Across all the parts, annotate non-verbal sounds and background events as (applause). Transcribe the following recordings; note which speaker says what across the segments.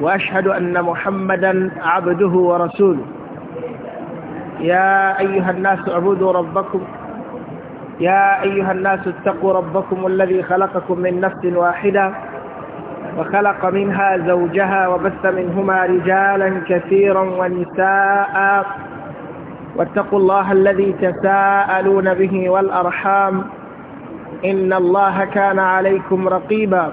Speaker 1: وأشهد أن محمدا عبده ورسوله يا أيها الناس اعبدوا ربكم يا أيها الناس اتقوا ربكم الذي خلقكم من نفس واحدة وخلق منها زوجها وبث منهما رجالا كثيرا ونساء واتقوا الله الذي تساءلون به والأرحام إن الله كان عليكم رقيباً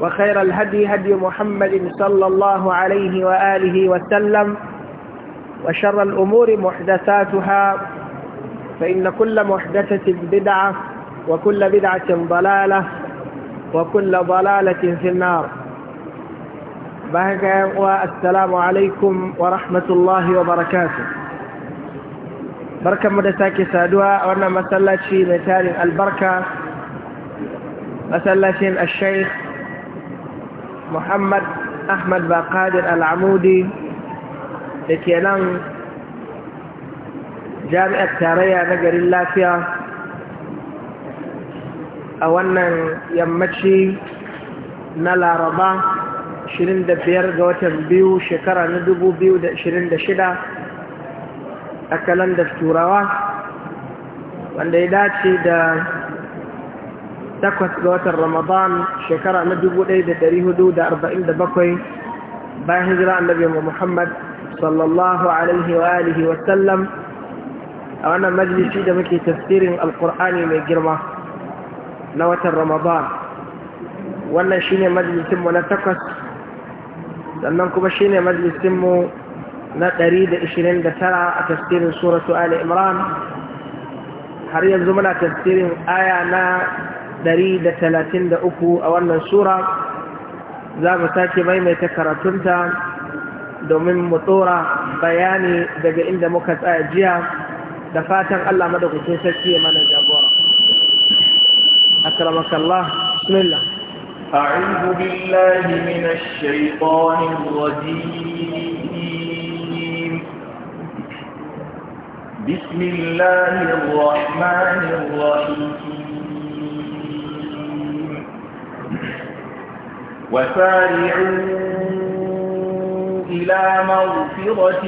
Speaker 1: وخير الهدي هدي محمد صلى الله عليه وآله وسلم وشر الأمور محدثاتها فإن كل محدثة بدعة وكل بدعة ضلالة وكل ضلالة في النار السلام عليكم ورحمة الله وبركاته بركة مدساك سادوا وانا مسلسي مثال البركة مسلسي الشيخ muhammad ahmad al al'amudi da ke nan jami'ar tarayya na garin lafiya a wannan yammaci na laraba 25 ga watan biyu shekara na 2026 a kalandar turawa wanda ya dace da takwas ga watan ramadan shekara na dubu ɗaya da hudu da arba'in da bakwai bayan hijira annabi muhammad sallallahu alaihi wa alihi wa sallam a wannan majalisi da muke tafsirin alkur'ani mai girma na watan ramadan wannan shine majalisinmu na takwas sannan kuma shine majalisinmu na ɗari da ishirin da tara a tafsirin suratu ali imran har yanzu muna tafsirin aya na 133 a wannan sura za mu sake maimaita karatunta domin mu tsora bayani daga inda muka tsaya jiya da fatan Allah madaukakin sarki ya mana jagora akramakallah bismillah أعوذ بالله من الشيطان الرجيم بسم الله الرحمن الرحيم وسارعوا إلى مغفرة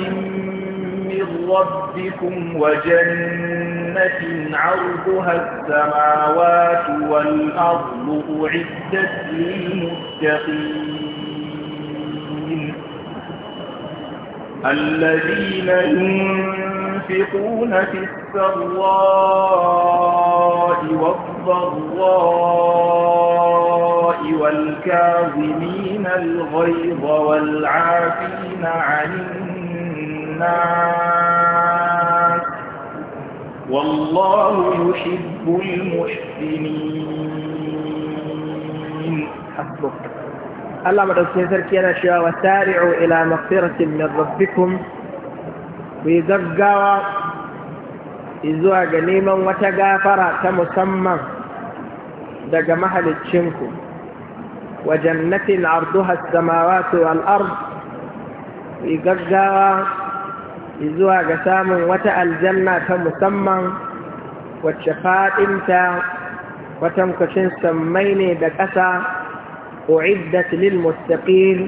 Speaker 1: من ربكم وجنة عرضها السماوات والأرض أعدت للمتقين الذين ينفقون ينفقون في السراء والضراء والكاظمين الغيظ والعافين عن الناس والله يحب المحسنين حسبك الله مدعو سيسر كينا شوى وسارعوا إلى مغفرة من ربكم ku yi gaggawa zuwa ga neman wata gafara ta musamman daga mahaliccinku wa jannatin arduha samawati wal ard ku yi gaggawa zuwa ga samun wata aljanna ta musamman wacce faɗinta kwatankwacin sammai ne da ƙasa an للمتقين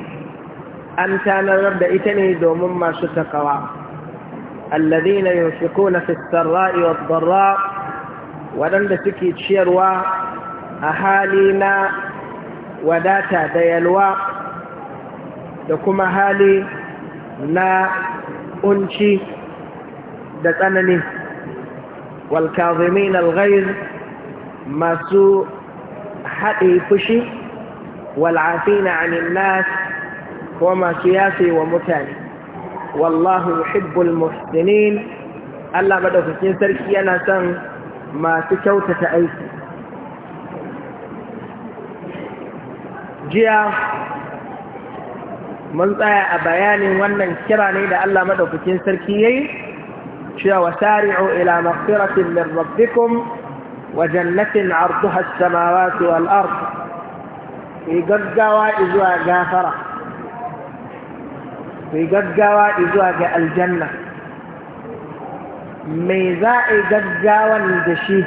Speaker 1: da ita ne domin masu takawa الذين ينفقون في السراء والضراء waɗanda suke ciyarwa a hali na wadata da yalwa da kuma hali na unci da tsanani walkazimin alghaiz masu haɗi fushi wal'afina anin nas ko masu yafe wa mutane wallahu yuhibbul muhsinin Allah madaukakin sarki yana son masu kyautata aiki jiya mun tsaya a bayanin wannan kira ne da Allah madaukakin sarki yayi cewa sari'u ila maghfiratin min rabbikum wa jannatin 'arduha as-samawati wal ard gaggawa zuwa gafara ku yi gaggawa zuwa ga aljanna mai za a yi gaggawan da shi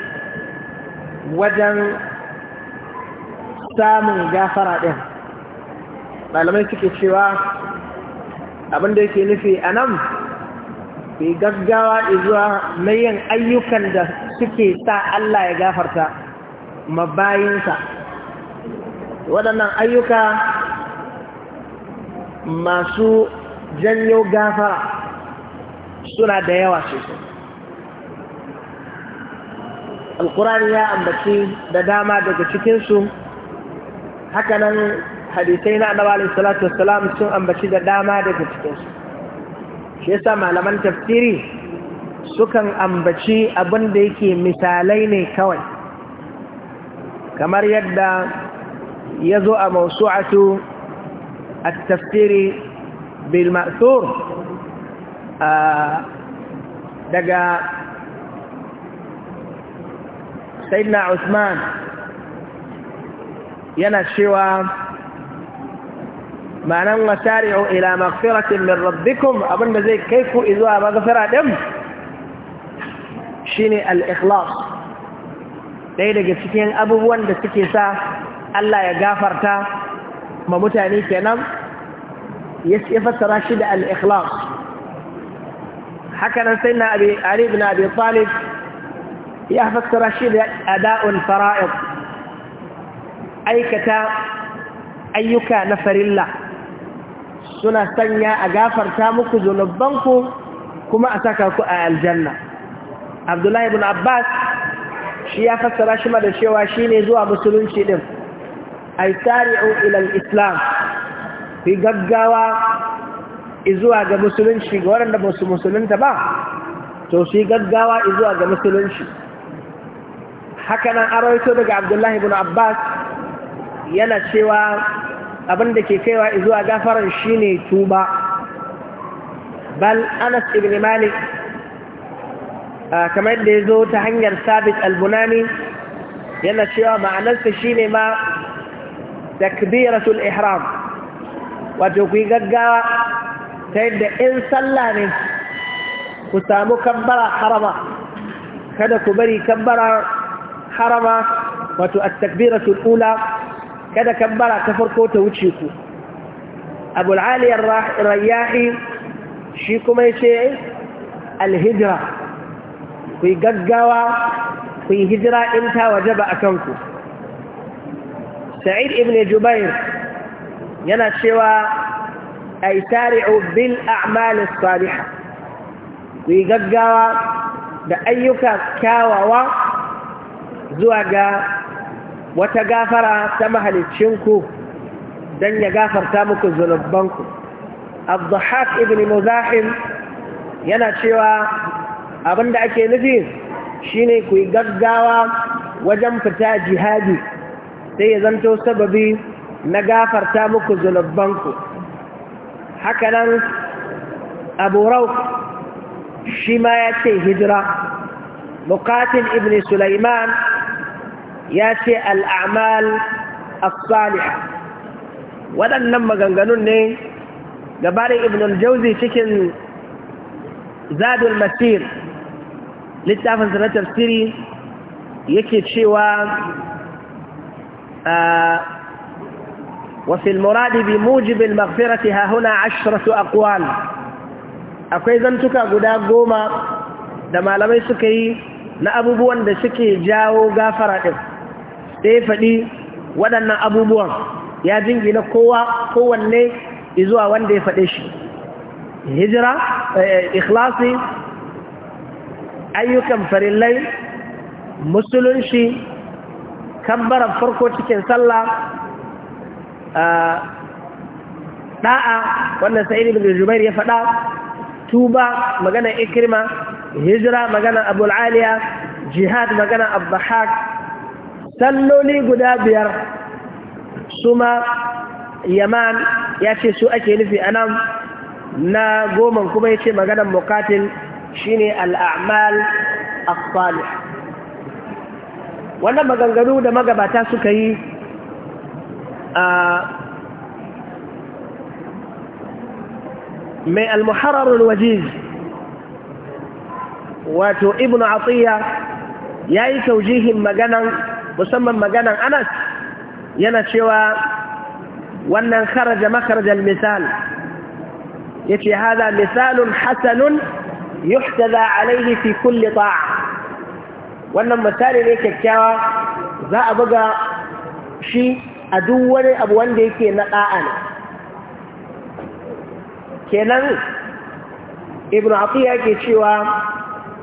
Speaker 1: wajen samun gafara ɗin malamai suke cewa abinda yake nufi a nan ku gaggawa zuwa mai yin ayyukan da suke sa Allah ya gafarta mabayinsa waɗannan ayyuka masu janyo gafara suna da yawa sosai alkurani ya ambaci da dama daga cikinsu hakanan hadisai na annabi alaihi salatu wasalam sun ambaci da dama daga cikinsu shi yasa malaman tafsiri sukan ambaci abin da yake misalai ne kawai kamar yadda ya zo a mausu'atu a tafsiri bil ma'thur daga sayyidina Usman yana cewa ma'anan wasari'u ila maghfiratin min rabbikum abinda zai kai ku zuwa maghfira din shine al-ikhlas dai daga cikin abubuwan da suke sa Allah ya gafarta ma mutane kenan ya fassara shi da al-ikhlas haka sai na ali ibn abi talib ya fassara shi da ada'ul fara'id aikata ayyuka na farilla suna sanya a gafarta muku zunubanku kuma a saka ku a aljanna abdullahi ibn abbas shi ya fassara shi ma da cewa shine zuwa musulunci din ay sari'u ila al-islam ku gaggawa izuwa ga musulunci ga waɗanda ba su musulunta ba to su gaggawa izuwa ga musulunci hakanan arawaito daga abdullahi ibn abbas yana cewa abinda ke kaiwa izuwa gafaran shine tuba bal anas ibn malik kamar da ya zo ta hanyar sabit albunani yana cewa ma'anarsa shine ma takbiratul ihram wato ku yi gaggawa ta yadda in sallah ne ku samu kabbara harama kada ku bari kabbara harama wato at-takbiratul ula kada kabbara ta farko ta wuce ku Abu al-Ali ar-Rayyahi shi kuma yace al-hijra ku yi gaggawa ku yi hijira in ta wajaba akan ku Sa'id ibn Jubair yana cewa ay sari'u bil Amalis as ku yi gaggawa da ayyuka kyawawa zuwa ga wata gafara ta mahalicinku dan ya gafarta muku zunubanku Abdullahi ibn Muzahim yana cewa abinda ake nufi shine ku yi gaggawa wajen fita jihadi sai ya zanto sababi na gafarta muku zunubanku haka nan abu rauf shi ma ya ce hijira mukatin ibn sulaiman ya ce al'amal asaliha waɗannan maganganun ne gabanin ibn jauzi cikin zadul masir littafin na tafsiri yake cewa ah, وفي المراد بموجب المغفرة ها هنا عشرة أقوال أكوي زنتك قدا قوما دما لمي سكي نأبوبوان دا سكي جاو غافرة تيفدي ودن أبوبوان يا جنجي نقوة قوة ني إزوا وان دي فديشي هجرة إخلاصي أيكم فريلين مسلنشي كبر فرقو تكين صلى da'a wannan sa'idu da jubair ya faɗa tuba magana Ikirma, hijira magana abul'aliya jihad magana abdahak salloli guda biyar su ma yaman ya ce su ake nufi a nan na goma kuma ya ce magana mukatil shine al'amal a kwalif wannan maganganu da magabata suka yi آه، من المحرر الوجيز واتو ابن عطية ياي توجيه مجانا مسمى مجانا أنس ينشوى وأن خرج مخرج المثال يتي هذا مثال حسن يحتذى عليه في كل طاعة وأن مثال ليك الكاوى ذا أبقى شيء a duk wani abu wanda yake na ɗa'a ne kenan ibn aqiya ke cewa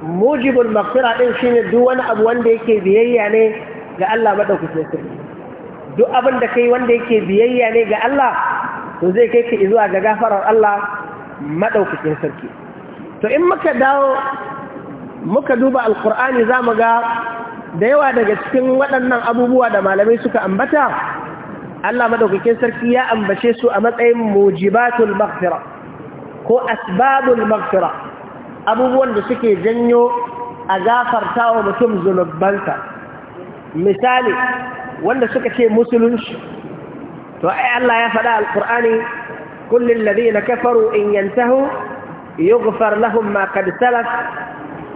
Speaker 1: mujibul ɗin ɗin shine duk wani abu wanda yake biyayya ne ga Allah madaukakin sarki duk abin da kai wanda yake biyayya ne ga Allah to zai kai ka zuwa ga gafarar Allah madaukakin sarki to in muka dawo muka duba za mu ga da yawa daga cikin waɗannan abubuwa da malamai suka ambata Allah madaukakin sarki ya ambace su a matsayin mujibatul maghfira ko asbabul maghfira abubuwan da suke janyo a gafartawa mutum zunubansa misali wanda suka ce musulunci to ai Allah ya faɗa alqur'ani kullul ladina kafaru in yantahu yughfar lahum ma qad salaf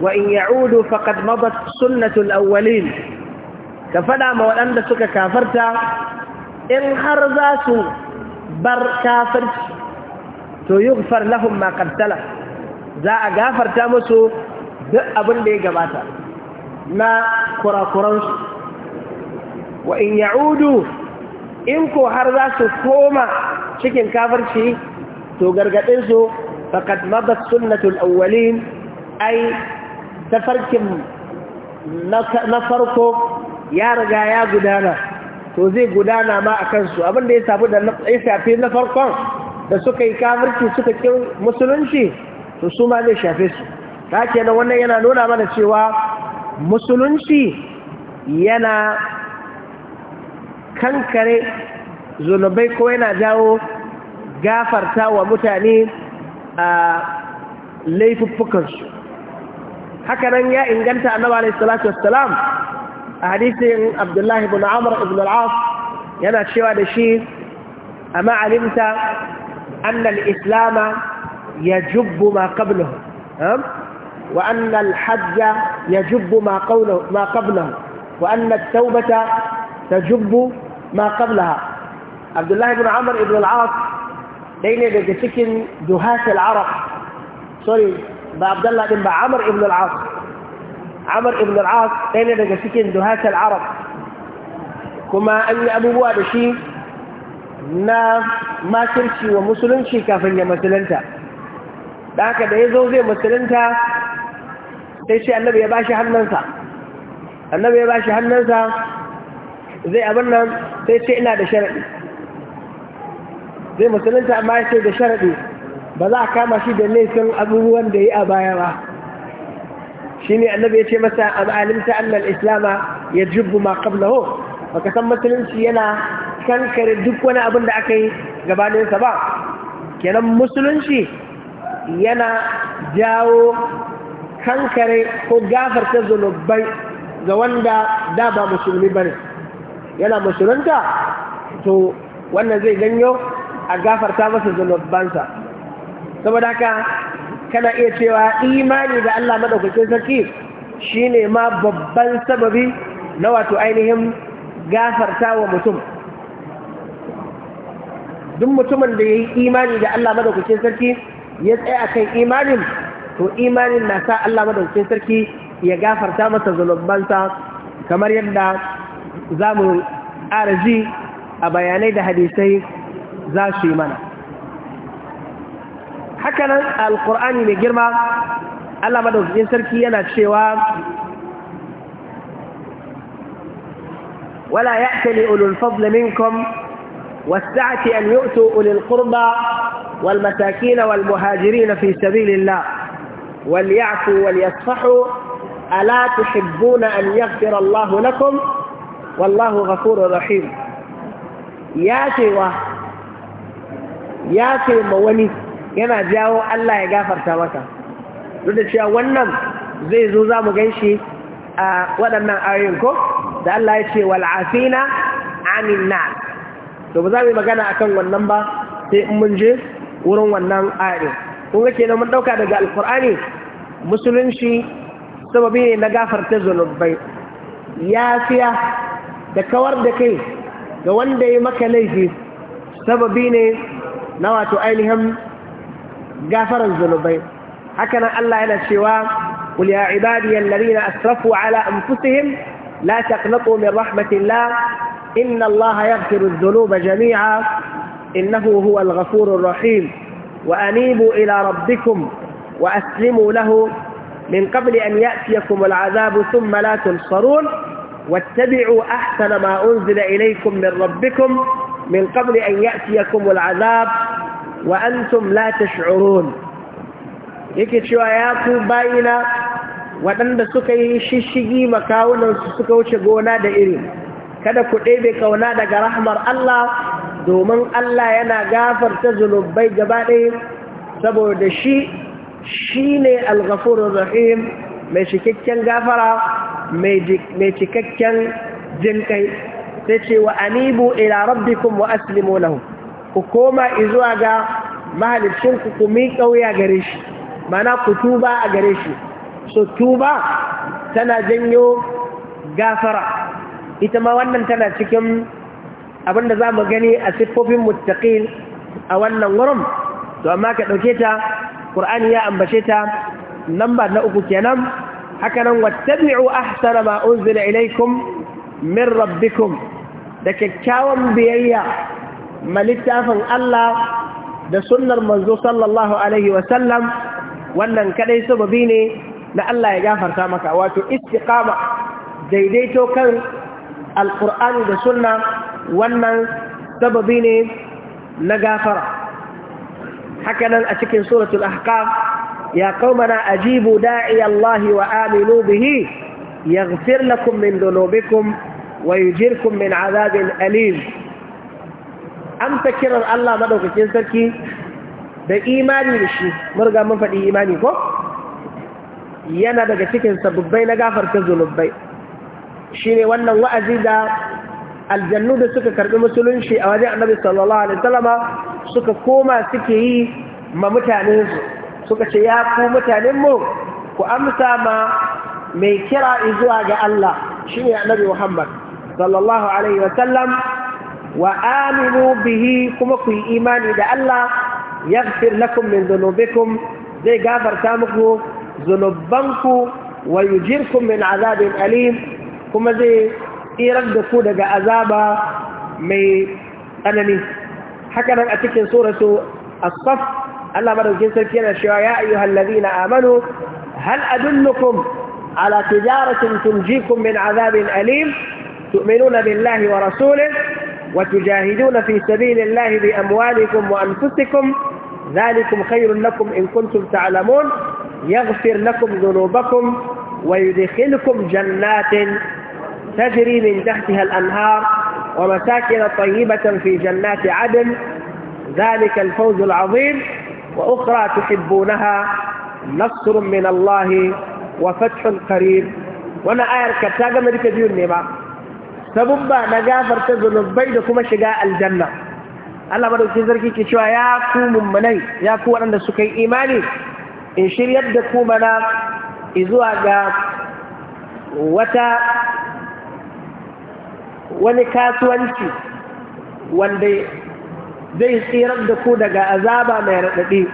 Speaker 1: wa in ya'udu faqad madat sunnatul awwalin ka faɗa ma waɗanda suka kafarta in har za su bar kafirci to yughfar lahum ma qad za a gafarta musu duk abin da ya gabata na kurakuransu wa in ya'udu in ko har za su koma cikin kafirci to gargadinsu faqad madat sunnatul awwalin ai tafarkin na farko ya riga ya gudana to zai gudana ma a kansu abinda ya sabu da ya shafe na farkon da suka yi kamarci suka kin musulunci to su ma zai shafe su ta da wannan yana nuna mana cewa musulunci yana kankare zunubai ko yana jawo gafarta wa mutane a laifuffukansu hakanan ya inganta nawa alaihi salatu salam. حديث عبد الله بن عمر بن العاص يما تشوى دشي أما علمت أن الإسلام يجب ما قبله وأن الحج يجب ما, قوله ما قبله وأن التوبة تجب ما قبلها عبد الله بن عمر بن العاص دين دسكن دهاس العرب سوري عبد الله بن عمر بن العاص Amar ibn al-as ɗaya ne daga cikin duhatal arab kuma an yi abubuwa da shi na makirci wa musulunci kafin ya musulunta da haka da ya zo zai musulunta sai shi annabi ya ba shi hannunsa annabi ya ba shi hannunsa zai abin nan sai ce ina da sharaɗi zai musulunta amma ya ce da sharaɗi ba za a kama shi da laifin abubuwan da yi a baya ba shi ne annabi ya ce masa a ma'alimta annal islama ya jubu ma ho baka san musulunci yana kankare duk wani abin da aka yi gabaninsa ba kenan musulunci yana jawo kankare ko gafarta zunubai ga wanda da ba musulmi ba ne? yana musulunta to wannan zai ganyo a gafarta masa zunubansa saboda haka kana iya cewa imani ga Allah madaukakin sarki shine ma babban sababi na wato ainihin gafartawa wa mutum duk mutumin da yayi imani da Allah madaukakin sarki ya tsaya kan imanin to imanin na sa Allah madaukakin sarki ya gafarta masa zunubansa kamar yadda za mu a bayanai da hadisai za su yi mana القرآن nan alkur'ani mai girma allah madaukakin sarki yana cewa ولا يأتل أولو الفضل منكم والسعة أن يؤتوا أولي القربى والمساكين والمهاجرين في سبيل الله وليعفوا وليصفحوا ألا تحبون أن يغفر الله لكم والله غفور رحيم يا سوى يا سوى وني yana jawo Allah ya gafarta maka duk da cewa wannan zai zo za mu gan shi a waɗannan ayoyin ko da Allah ya ce wal'afina amin na to ba za mu yi magana akan wannan ba sai in mun je wurin wannan ayoyin kun ga kenan mun ɗauka daga alkur'ani musulunci sababi ne na gafarta zunubai yafiya da kawar da kai ga wanda ya maka laifi sababi ne na wato ainihin غفر الذنوبين حكنا الله إلى الشواء قل يا عبادي الذين أسرفوا على أنفسهم لا تقنطوا من رحمة الله إن الله يغفر الذنوب جميعا إنه هو الغفور الرحيم وأنيبوا إلى ربكم وأسلموا له من قبل أن يأتيكم العذاب ثم لا تنصرون واتبعوا أحسن ما أنزل إليكم من ربكم من قبل أن يأتيكم العذاب وأنتم لا تشعرون yake cewa ya ku bayina waɗanda suka yi shishigi makawunansu suka wuce gona da iri kada ku ɗebe kauna daga rahmar Allah domin Allah yana gafarta zunubai gaba ɗaya saboda shi shi ne alghafurur rahim mai cikakken gafara mai cikakken jinkai sai ce wa anibu ila rabbikum wa aslimu lahu ku koma izuwa ga mahalicin ku ku miƙa gare shi mana ku tuba a gare shi so tuba tana janyo gafara ita ma wannan tana cikin abinda za mu gani a siffofin muttaqin a wannan wurin to amma ka ɗauke ta ƙur'ani ya ambace ta namba na uku kenan haka nan wattabi'u ahsana ma unzila ilaikum min rabbikum da kyakkyawan biyayya ma littafin Allah da sunnar manzo sallallahu alaihi wasallam wannan kadai sababi ne na Allah ya gafarta maka wato istiqama daidaito kan alqur'ani da sunna wannan sababi ne na gafara hakanan a cikin suratul ahqaf ya qaumana ajibu da'i Allah wa aminu bihi yaghfir lakum min dhunubikum ويجيركم من عذاب أليم أم تكرر الله مدوك sarki da imani da shi murga mun faɗi imani ko yana daga cikin sababbai na gafarta zunubai shine wannan wa'azi da aljannu da suka karbi musulunci a wajen annabi sallallahu alaihi wasallama suka koma suke yi ma mutanen su suka ce ya ku mutanen mu ku amsa ma mai kira zuwa ga Allah shine annabi Muhammad sallallahu alaihi wasallam wa aminu bihi kuma ku yi imani da Allah yaghfir lakum min zunubikum zai gafarta muku zunubanku wa yujirkum min azabin alim kuma zai tsirar da ku daga azaba mai tsanani haka nan a cikin suratu as Allah madaukin sarki yana cewa ya ayyuhal na amanu hal adullukum ala tijaratin tunjikum min azabin alim تؤمنون بالله ورسوله وتجاهدون في سبيل الله بأموالكم وأنفسكم ذلكم خير لكم إن كنتم تعلمون يغفر لكم ذنوبكم ويدخلكم جنات تجري من تحتها الأنهار ومساكن طيبة في جنات عدن ذلك الفوز العظيم وأخرى تحبونها نصر من الله وفتح قريب وانا أعرف آية كتاب أمريكا ديون نيما ba na gafarta zunubai da kuma shiga aljanna Allah madaukakin sarki ke cewa ya ku mummunai ya ku waɗanda suka yi imani in shiryar da ku mana zuwa ga wata wani kasuwanci wanda zai tsirar da ku daga azaba mai raɗaɗi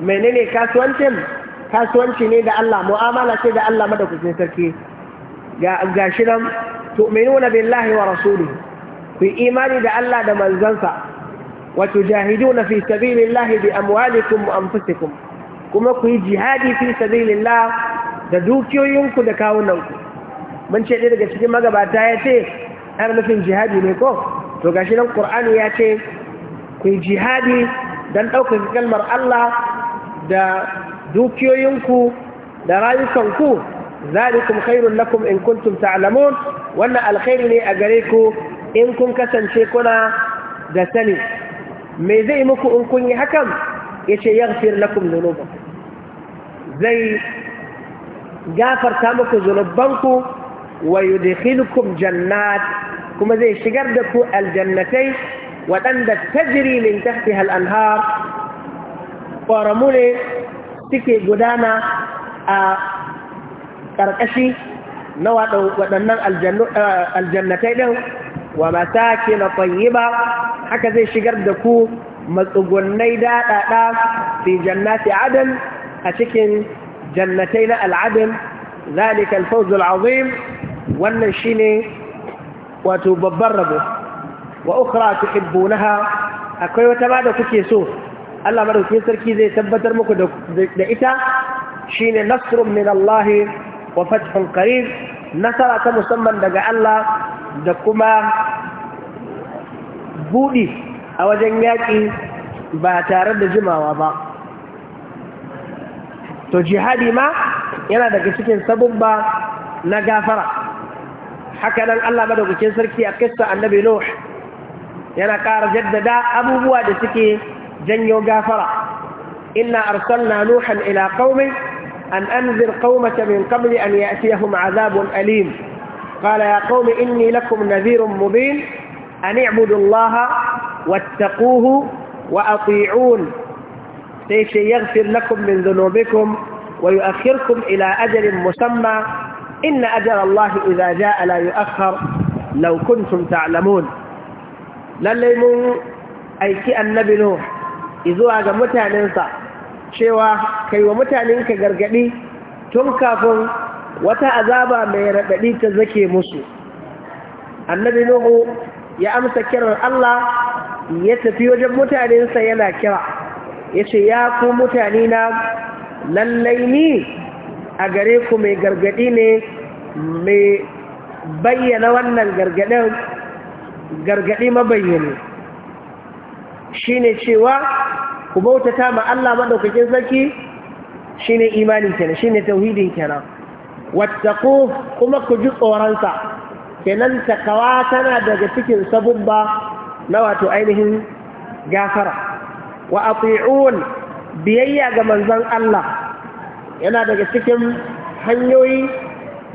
Speaker 1: menene kasuwancin kasuwanci ne da Allah mu'amala ce da Allah madaukakin sarki ga shi nan tu'minuna billahi wa rasulihi ku imani da Allah da manzansa wa tujahiduna fi sabilillahi bi amwalikum wa anfusikum kuma ku yi jihadi fi sabilillah da dukiyoyinku da kawunanku mun ce daga cikin magabata ya ce har nufin jihadi ne ko to shi nan qur'ani ya ce ku yi jihadi don ɗaukaka kalmar Allah da dukiyoyinku da rayukanku zalikum khairun lakum in kuntum ta'lamun wannan alkhairi ne a gare ku in kun kasance kuna da sani me zai muku in kun yi hakan yace yaghfir lakum dhunubakum zai gafarta muku zunubanku wa yudkhilukum jannat kuma zai shigar da ku aljannatai waɗanda tajiri min tahtiha al-anhar ne suke gudana a ƙarƙashi na waɗannan eh, aljannatai ɗin wa mataki na ba haka zai shigar da ku matsugunnai daɗaɗa fi jannati adam a cikin jannatai na al'adam ذلك الفوز العظيم wannan shine wato babban rabo wa ukhra tuhibbunaha akwai wata ma da kuke so Allah madaukakin sarki zai tabbatar muku da ita shine nasrun min Allah wa fathun nasara ta musamman daga Allah da kuma buɗi a wajen yaƙi ba tare da jimawa ba to jihadi ma yana daga cikin sabubba na gafara haka nan Allah madaukakin sarki a annabi Nuh yana ƙara jaddada abubuwa da suke janyo gafara Ina arsalna nuhan ila qaumi أن أنذر قومك من قبل أن يأتيهم عذاب أليم قال يا قوم إني لكم نذير مبين أن اعبدوا الله واتقوه وأطيعون سيش يغفر لكم من ذنوبكم ويؤخركم إلى أجل مسمى إن أجل الله إذا جاء لا يؤخر لو كنتم تعلمون لليمون أي كأن النبي نوح إذو أجمتها ننصر cewa kai wa mutanenka gargaɗi tun kafin wata azaba mai raɗaɗi ta zake musu annabi nuhu ya amsa kiran Allah ya tafi wajen mutanensa yana kira ya ce ya ku mutane na lallai ni a gare ku mai gargaɗi ne mai bayyana wannan gargaɗin gargaɗi mabayyane Shi ne cewa ku bautata ma Allah maɗaukakin sarki ne imani kenan ne tauhidin kenan ku kuma ku ji tsoronsa kenan takawa tana daga cikin sabubba na wato ainihin gafara wa ati'un biyayya ga manzon Allah yana daga cikin hanyoyi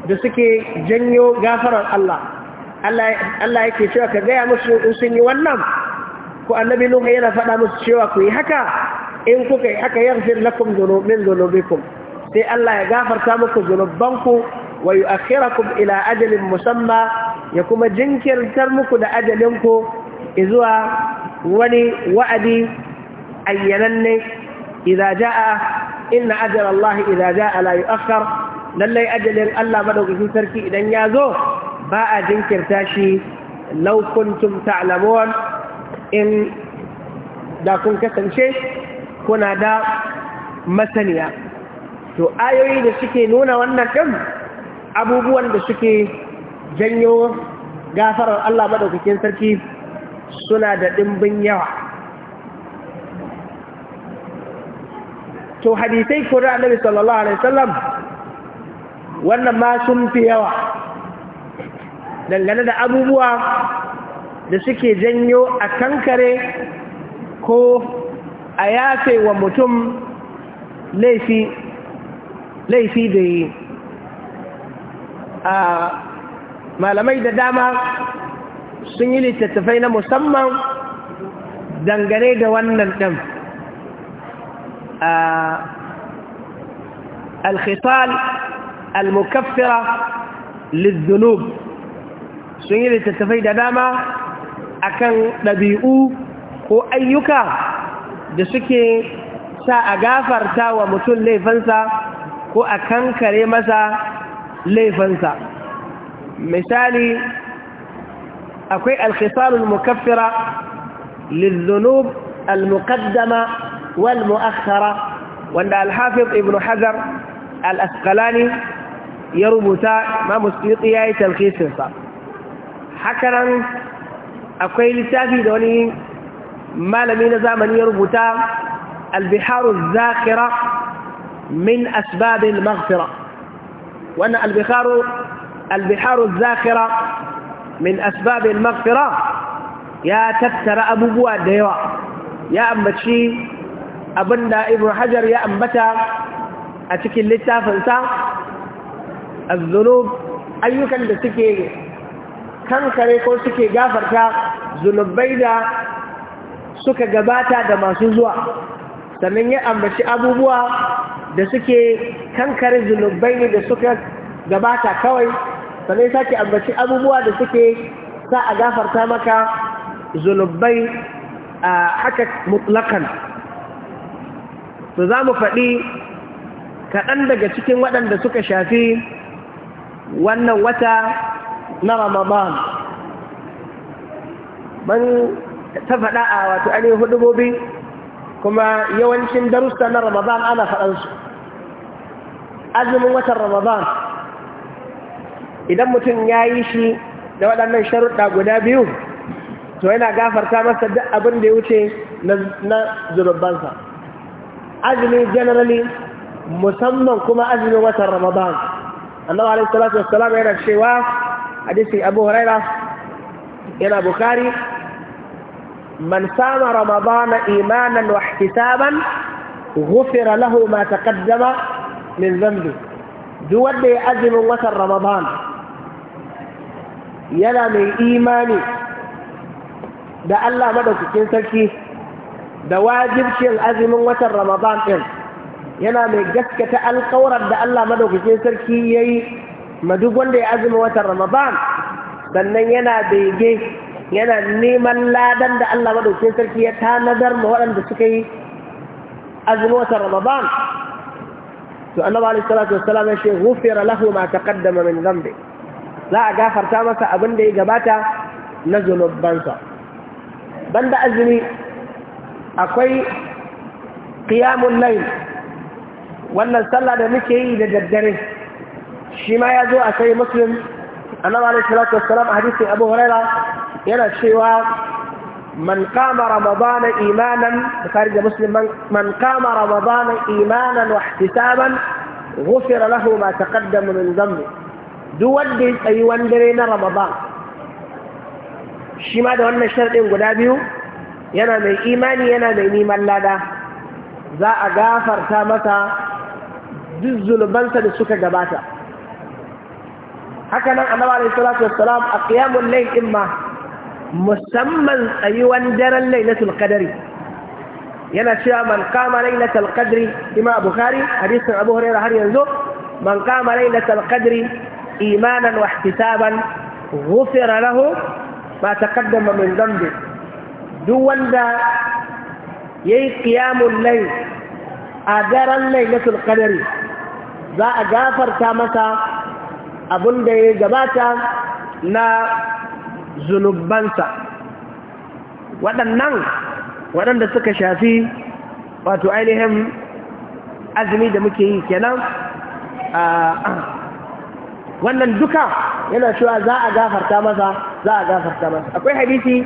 Speaker 1: da suke janyo gafaran Allah Allah yake cewa ka gaya musu in sun yi wannan ko annabi nuhu yana faɗa musu cewa ku yi haka in kuka yi haka yaghfir lakum dhunubin dhunubikum sai Allah ya gafarta muku dhunubanku wa yu'akhirakum ila ajalin musamma ya kuma jinkirtar muku da ajalinku zuwa wani wa'adi ayyananne idza jaa inna ajala Allah idza jaa la yu'akhkhar lallai ajalin Allah madaukakin sarki idan ya zo ba a jinkirta shi law kuntum ta'lamun in da kun kasance kuna da masaniya to ayoyi da suke nuna wannan ɗin abubuwan da suke janyo gafarar Allah maɗaukakin sarki suna da ɗimbin yawa to hadisai ko da annabi sallallahu alaihi wasallam wannan ma sun fi yawa dangane da abubuwa da suke janyo a kankare ko a yafe wa mutum laifi da yi a malamai da dama sun yi littattafai na musamman dangane da wannan ɗin الخصال المكفرة للذنوب sun yi littattafai da dama akan ɗabi'u ko ayyuka da suke sa a gafarta wa mutum laifansa ko a kankare masa laifansa misali akwai alkhisalul mukaffira lizunub almukaddama wal mu'akhkhara wanda alhafiz ibn hajar al-asqalani ya rubuta ma musulmi ya yi talkisinsa hakanan akwai littafi da wani malami na zamani ya rubuta albiharu zakira min asbabin maghfira wannan albiharu albiharu zakira min asbabin maghfira ya tattara abubuwa da yawa ya ambaci abinda ibn hajar ya ambata a cikin littafinsa الذنوب ayyukan da suke kankare ko suke gafarta zunubai da suka gabata da masu zuwa sannan ya ambaci abubuwa da suke kankare zunubai da suka gabata kawai sannan ya sake ambaci abubuwa da suke sa a gafarta maka zunubai a haka mutlakan to za mu faɗi kaɗan daga cikin waɗanda suka shafi wannan wata na ramadan ban ta faɗa a wato ainihin hudubobi kuma yawancin darussa na ramadan ana faɗansu azumin watan ramadan idan mutum ya yi shi da waɗannan sharuɗa guda biyu to yana gafarta masa duk abin da ya wuce na zurubbansa azumi generally musamman kuma azumin watan ramadan annabi alaihi salatu wassalam yana cewa hadisi abu huraira yana bukari man sama ramadana imanan wa ihtisaban ghufira lahu ma taqaddama min dhanbi duk wanda ya azumin watan ramadan yana mai imani da Allah madaukakin sarki da wajibcin azumin watan ramadan din yana mai gaskata alkawarar da Allah madaukakin sarki yayi ma duk wanda ya azumi watan ramadan sannan yana bege yana neman ladan da Allah madaukakin sarki ya tanadar ma waɗanda suka yi azumi watan ramadan to annabi alaihi salatu wassalam ya ce ghufira lahu ma taqaddama min dhanbi za a gafarta masa abin da ya gabata na zunubansa banda azumi akwai qiyamul layl wannan sallah da muke yi da daddare شما يزو أسي مسلم أنه عليه الصلاة والسلام حديث أبو هريرة ينا الشيوى من قام رمضان إيمانا خارج مسلم من, من قام رمضان إيمانا واحتسابا غفر له ما تقدم من ذنبه duk wanda ya tsayi wani dare na ramadan shi ma da wannan sharɗin guda biyu yana mai imani yana mai neman lada za a gafarta masa duk zunubansa da suka gabata haka nan annabi alaihi salatu wassalam a qiyamul layl din ma musamman tsayuwan daren lailatul qadari yana cewa man kama lailatul qadri ima bukhari hadisin abu hurairah har yanzu man kama lailatul qadri imanan wa ihtisaban ghufira lahu ma taqaddama min dhanbi duk wanda yayi qiyamul layl a daren lailatul qadri za a gafarta masa Abun da ya gabata na zunubansa waɗannan waɗanda suka shafi wato ainihin azumi da muke yi kenan wannan duka yana cewa za a gafarta masa za a gafarta masa akwai hadisi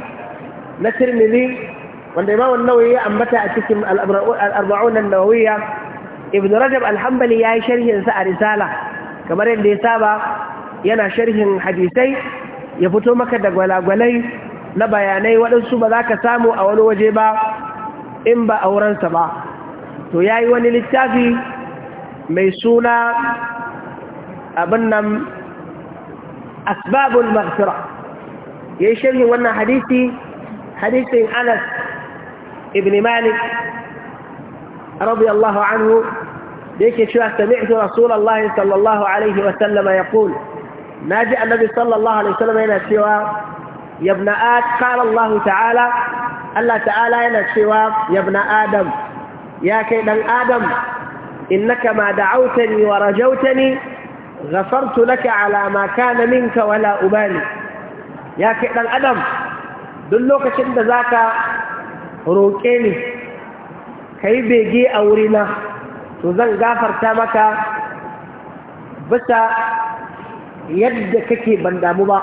Speaker 1: na tirmidhi wanda imam an-nawawi ya ambata a cikin al-arba'un an-nawawiyya ibn rajab al-hanbali yi sharhin sa a risala kamar yadda ya saba yana sharhin hadisai ya fito maka da gwalagwalai na bayanai waɗansu ba za ka samu a wani waje ba in ba aurensa ba to ya yi wani littafi mai suna abin nan asbabul maghfira ya yi sharhin wannan hadisi hadisin anas ibn malik radiyallahu anhu da yake cewa sami'tu rasulullahi sallallahu alaihi wa sallam yaqul naji annabi sallallahu alaihi yana cewa ya ibn ta'ala allah ta'ala yana cewa ya adam ya kai dan adam innaka ma da'awtani wa rajawtani ghafartu laka ala ma kana minka wala la ubali ya kai dan adam duk lokacin da zaka roke ni kayi bege a wurina to zan gafarta maka bisa yadda kake ban damu ba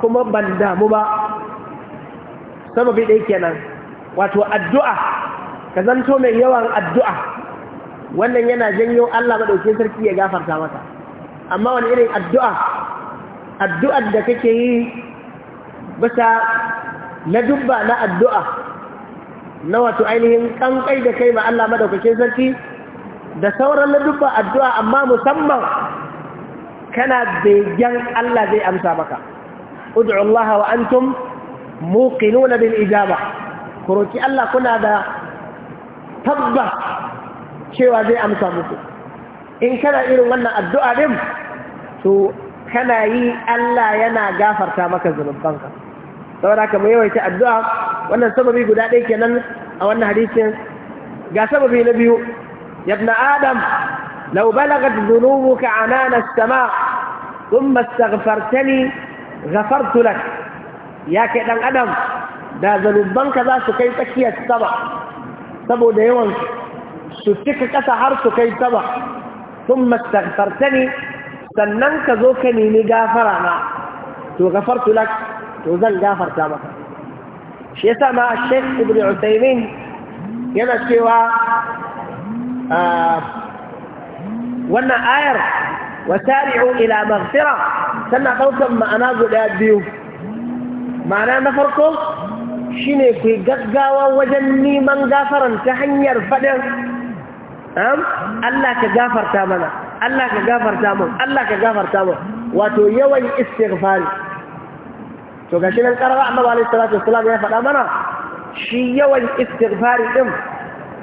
Speaker 1: kuma ban damu ba sababi ɗaya kenan wato addu'a ka zanto mai yawan addu'a wannan yana janyo Allah maɗaukin sarki ya gafarta maka amma wani irin addu'a addu'ar da kake yi bisa na dubba na addu'a na wato ainihin ƙanƙai da kai ma Allah maɗaukakin sarki da sauran ladubba addu'a amma musamman kana begen Allah zai amsa maka ud'u Allah wa antum muqinuna bil ijaba ku roki Allah kuna da tabba cewa zai amsa muku in kana irin wannan addu'a din to kana yi Allah yana gafarta maka zunubanka saboda ka mai yawaita addu'a wannan sababi guda ɗaya kenan a wannan hadisin ga sababi na biyu يا ابن آدم لو بلغت ذنوبك عنان السماء ثم استغفرتني غفرت لك يا كأن آدم دا ذنوبانك ذا سكيت كي السبع تبو ديوان ستك كسحر سكيت تبع ثم استغفرتني سننك ذوكني لغافر أنا تو غفرت لك تو ذن غافر تامك شيسا مع الشيخ ابن عثيمين يمشي wannan ayar wasari'u ila maghfira tana ɗaukan ma'ana guda biyu ma'ana na farko shine ku gaggawa wajen neman gafaran ta hanyar faɗin Allah ka gafarta mana Allah ka gafarta mun Allah ka gafarta mun wato yawan istighfari to gashi nan karara annabi sallallahu alaihi wasallam ya faɗa mana shi yawan istighfari din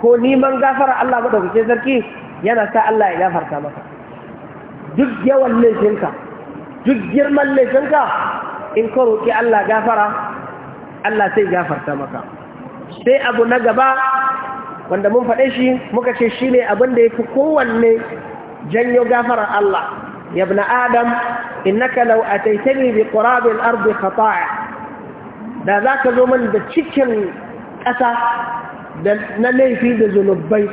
Speaker 1: ko neman gafara Allah madaukakin sarki yana sa Allah ya gafarta maka duk yawan laifinka duk girman laifinka in ka roƙi Allah gafara Allah sai gafarta maka sai abu na gaba wanda mun faɗe shi muka ce shi ne abin da ya fi kowanne janyo gafarar Allah ya bi adam innaka lau a taitani bi ƙurabin arzi khata'a da za ka zo min da cikin ƙasa na laifi da zunubai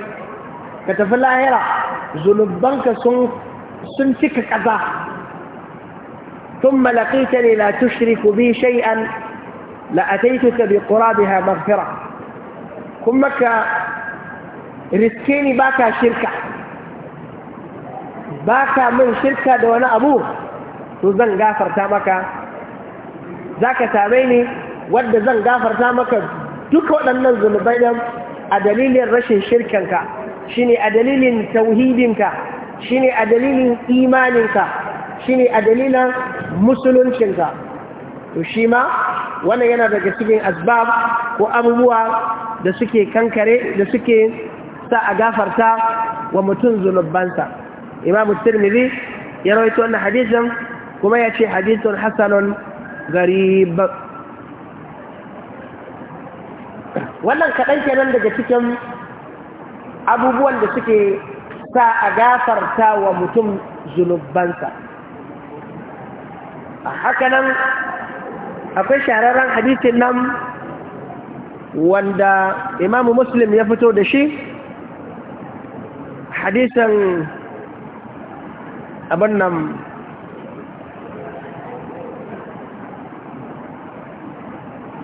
Speaker 1: ka tafi lahira zunubanka sun cika ثم لقيتني لا تشرك بي شيئا لأتيتك بقرابها مغفرة ثم رسكيني باكا شركة باكا من شركة دون أبوه تزن غافر تامكا ذاك تاميني ود زن غافر تامكا duk waɗannan zunubai nan a dalilin rashin shirkanka ne a dalilin tauhidinka ne a dalilin imaninka ne a dalilin musuluncinka to shi ma wannan yana daga cikin asbab ko abubuwa da suke kankare da suke sa a gafarta wa mutum zunubansa imam tirmidhi ya rawaito wannan hadisin kuma ya ce hadithun Hassanun gari wannan kaɗan kenan daga cikin abubuwan da suke sa a gafarta wa mutum zunubansa hakanan akwai shahararren hadisin nan wanda imamu muslim ya fito da shi hadisan abin nan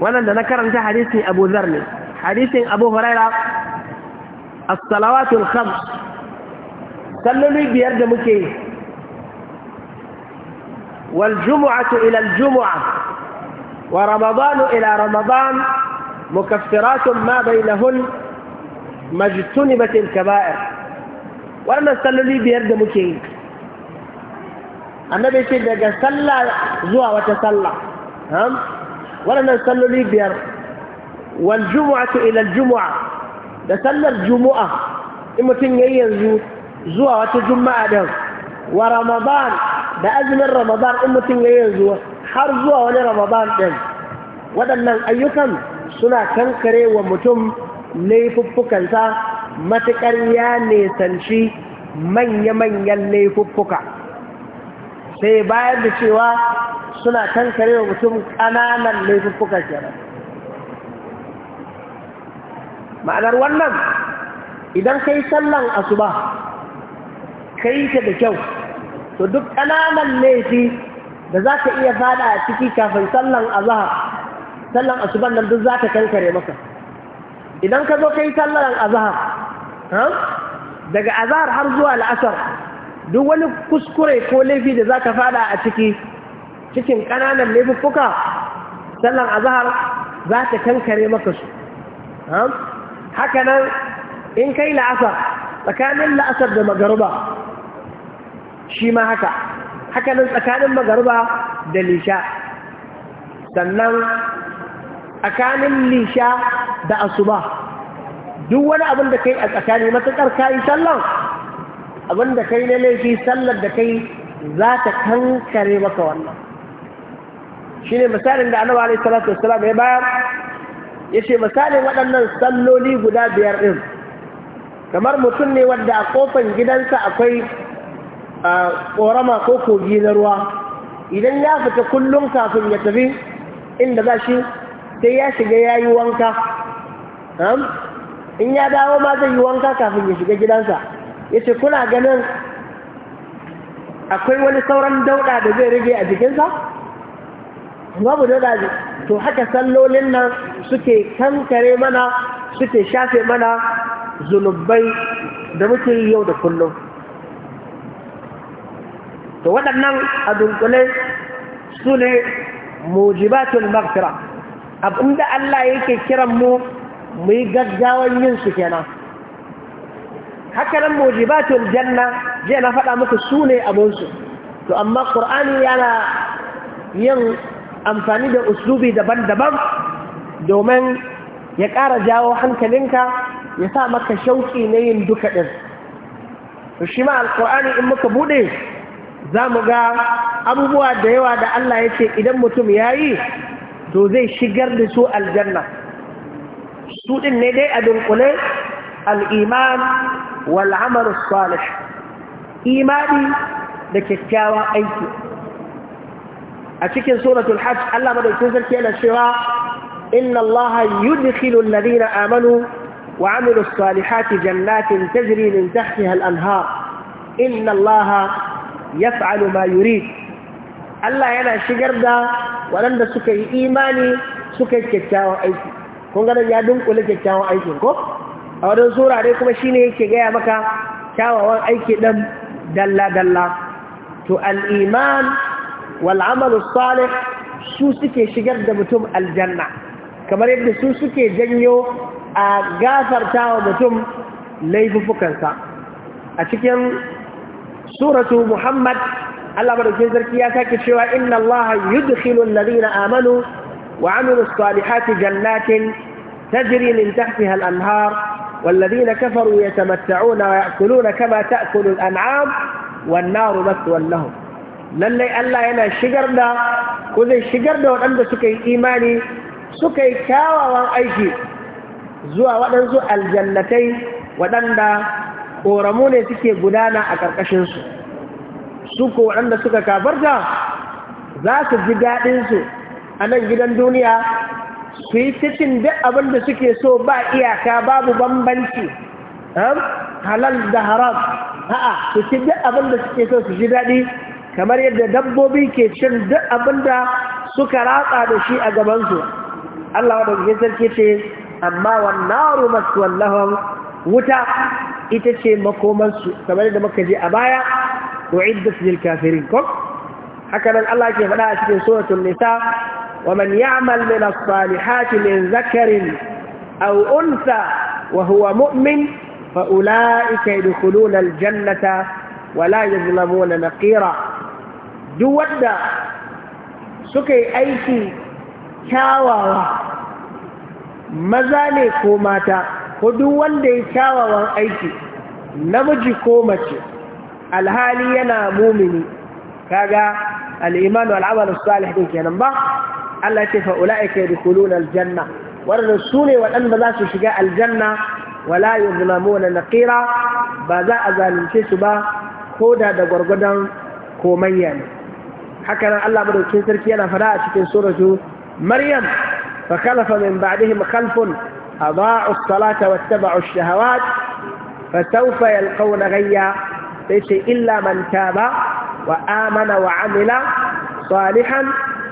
Speaker 1: wannan da na karanta hadisin abu zar ne hadisin abu huraira as-salawatul khams salloli biyar da muke yi wal jumu'atu ila al jumu'a wa ramadanu ila ramadan mukaffiratun ma bainahun majtunibatil kaba'ir wannan salloli biyar da muke yi annabi ce daga sallah zuwa wata sallah waɗannan salloli biyar wal jumu'atu ilal jumu'a da sallar jumu'a in mutum yayi yanzu zuwa wata juma'a ɗin wa ramadan da azumin ramadan in mutum ya yanzu har zuwa wani ramadan ɗin. waɗannan ayyukan suna kankare wa mutum laifuffukansa matuƙar ya nesanci manya-manyan laifuffuka sai bayar da cewa suna tankare wa mutum ƙananan laifuffuka kenan ma'anar wannan idan ka yi sallan asuba ka yi ta da kyau to duk ƙananan laifi da za ka iya fada a ciki kafin sallan azahar sallan asuban nan duk za ka tankare maka idan ka zo ka yi sallan azahar daga azahar har zuwa la'asar duk wani kuskure ko laifi da za ka fada a ciki cikin ƙananan laifuffuka sannan azahar za ta kankare maka su haka nan in kai la'asar tsakanin la'asar da magaruba shi ma haka haka nan tsakanin magaruba da lisha sannan tsakanin lisha da asuba duk wani abin da kai a tsakani matuƙar kayi sallan abin da kai na laifi sallar da kai za ta kankare maka wannan ne misalin da annabi alai salatu wasalam ya bayar ce misalin waɗannan salloli guda biyar din kamar mutum ne wanda a ƙofan gidansa akwai ƙorama ko kogi na ruwa idan ya fita kullum kafin ya tafi inda za shi sai ya shiga ya yi wanka in ya dawo ma zai yi wanka kafin ya shiga gidansa ya ce kuna ganin akwai wani sauran dauɗa da zai rage a jikinsa babu dole to haka sallolin nan suke kankare mana suke shafe mana zunubai da muke yau da kullum to waɗannan a dunkule su ne mujibatul maghfira abinda Allah yake kiran mu mu yi gaggawan yin su kenan hakanan mujibatul janna jiya na faɗa muku su ne abunsu to amma ƙur'ani yana yin amfani da uslubi daban-daban domin ya ƙara jawo hankalinka ya sa maka shauƙi na yin duka ɗin shi ma alƙur'ani in muka buɗe za mu ga abubuwa da yawa da Allah ya ce idan mutum ya yi to zai shigar da su aljanna su ɗin ne dai a dunkule al'iman wal'amar salih imani da kyakkyawan aiki a cikin suratul hajj Allah madaukakin sarki yana cewa inna Allah yudkhilu alladhina amanu wa amilu salihati jannatin tajri min tahtiha al-anhar inna Allah yaf'alu ma yurid Allah yana shigar da waɗanda suka yi imani suka yi kyakkyawan aiki kun ga ya dunkule kyakkyawan aikin ko a wajen sura dai kuma shine yake gaya maka kyawawan aiki ɗan dalla-dalla to iman. wal'amalu salih su suke shigar da mutum aljanna kamar yadda su suke janyo a gafarta wa mutum laifufukansa a cikin suratu muhammad Allah madaukin sarki ya sake cewa inna Allah yudkhilu alladhina amanu wa amilu salihati jannatin tajri min tahtiha al-anhar والذين كفروا يتمتعون ويأكلون كما تأكل الأنعام والنار مثوى لهم lallai Allah yana shigar da ko zai shigar da waɗanda suka yi imani suka yi kyawawan aiki zuwa waɗansu aljannatai waɗanda ƙoramu ne suke gudana a ƙarƙashinsu su ko waɗanda suka kafarta za su ji daɗinsu a nan gidan duniya su yi cikin duk abin da suke so ba iyaka babu bambanci eh, halal da haram a'a su ci duk abin da suke so su ji daɗi kamar yadda dabbobi ke cin duk abinda suka ratsa da shi a gaban su Allah wa ke sarki ce amma wannaru masu wallahon wuta ita ce makoman su kamar yadda muka ji a baya wa'iddat lil kafirin ko haka nan Allah ke faɗa a cikin suratul nisa wa man ya'mal min as-salihati min zakarin aw unsa wa huwa mu'min fa ulaika yadkhuluna al-jannata wala yuzlamuna naqira duk wanda suka yi aiki kyawawa maza ne ko mata ko duk wanda ya kyawawan aiki namiji ko mace alhali yana mumini kaga aliman iman wal amal salih din kenan ba Allah ce fa'ula ake yadkhuluna al-janna waɗanda su ne waɗanda za su shiga aljanna wala na naqira ba za a zalunce su ba koda da gurgudan komayya ne haka nan Allah madaukakin sarki yana fara a cikin suratu Maryam fa khalafa min ba'dihim khalfun adaa'u as-salata wattaba'u ash-shahawat fa sawfa yalqawna ghayya sai illa man taba wa amana wa amila salihan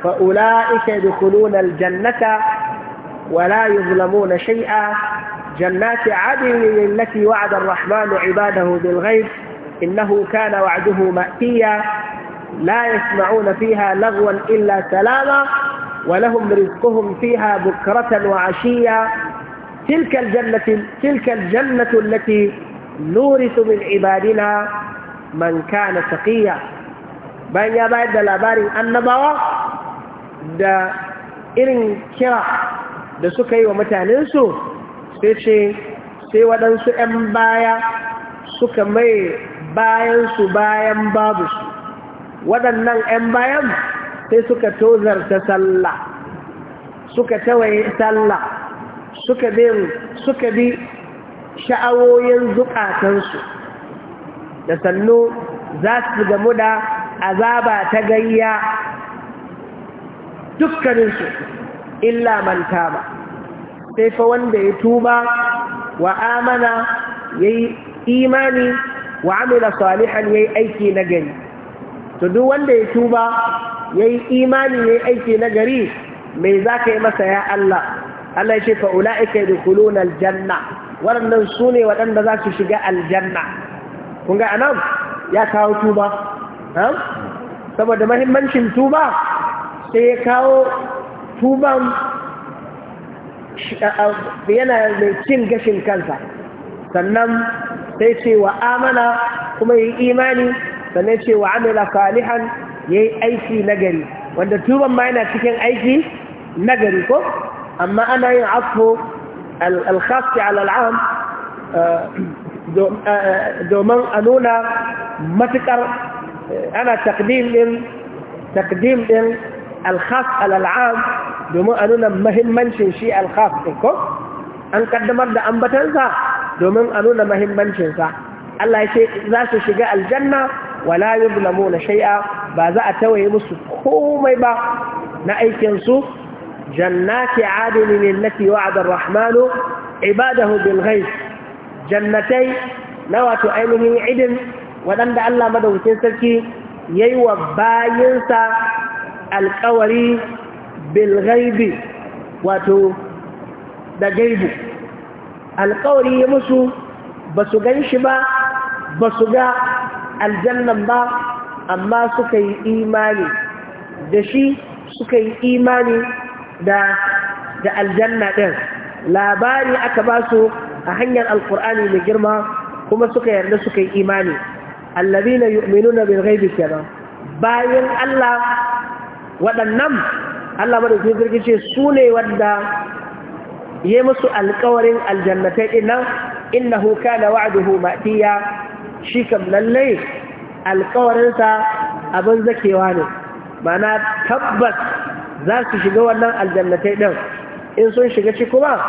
Speaker 1: fa ulaika yadkhuluna al-jannata la yuzlamuna shay'a جنات عدن التي وعد الرحمن عباده بالغيب إنه كان وعده مأتيا لا يسمعون فيها لغوا إلا سلاما ولهم رزقهم فيها بكرة وعشيا تلك الجنة تلك الجنة التي نورث من عبادنا من كان تقيا بين ya bayar da labarin annabawa da دا kira da suka yi wa mutanensu sai ce sai bayan su bayan babu su waɗannan 'yan bayan sai suka tozarta sallah suka tawaye sallah suka bi suka bi sha'awoyin zukatansu da sannu za su gamu da azaba ta gayya dukkaninsu illa manta ba sai fa wanda ya tuba wa amana ya imani wa amila salihan yayi aiki na gari to duk wanda ya tuba yayi imani yayi aiki na gari me zaka yi masa ya Allah Allah ya ce fa ulaika yadkhuluna aljanna waɗannan su ne waɗanda za su shiga aljanna kun ga anan ya kawo tuba saboda mahimmancin tuba sai ya kawo tuban yana mai cin gashin kansa sannan sai ce wa amana kuma yi imani sannan ce wa amila salihan ya yi aiki nagari wanda tuban ma yana cikin aiki nagari ko amma ana yin afo alkhasi al'am eh, eh, domin a nuna matukar eh, ana takdim din takdim din al'am domin a nuna mahimmancin shi alkhas ɗin ko an kaddamar da ambatansa domin a nuna mahimmancinsa Allah ya ce za su shiga aljanna wala yuzlamuna shay'a ba za a tawaye musu komai ba na aikin su jannati adnin allati wa'ada arrahman ibadahu bil ghaib jannatai na wato ainihin idin wadanda Allah madaukakin sarki yayi wa bayinsa alƙawari bil ghaibi wato da gaibu alkawari ya musu ba su gan shi ba ba su ga aljannan ba amma suka yi imani da shi suka yi imani da aljanna ɗin labari aka ba su a hanyar alkur'ani mai girma kuma suka yarda suka yi imani allazina yu'minuna kenan bayan Allah waɗannan Allah madaukakin sarki ce su ne yi musu alkawarin aljannatai ɗin inna huka da wa'aduhu ma'tiya shi kam lallai alkawarinsa abin zakewa ne mana tabbas za su shiga wannan aljannatai ɗin in sun shiga ci kuma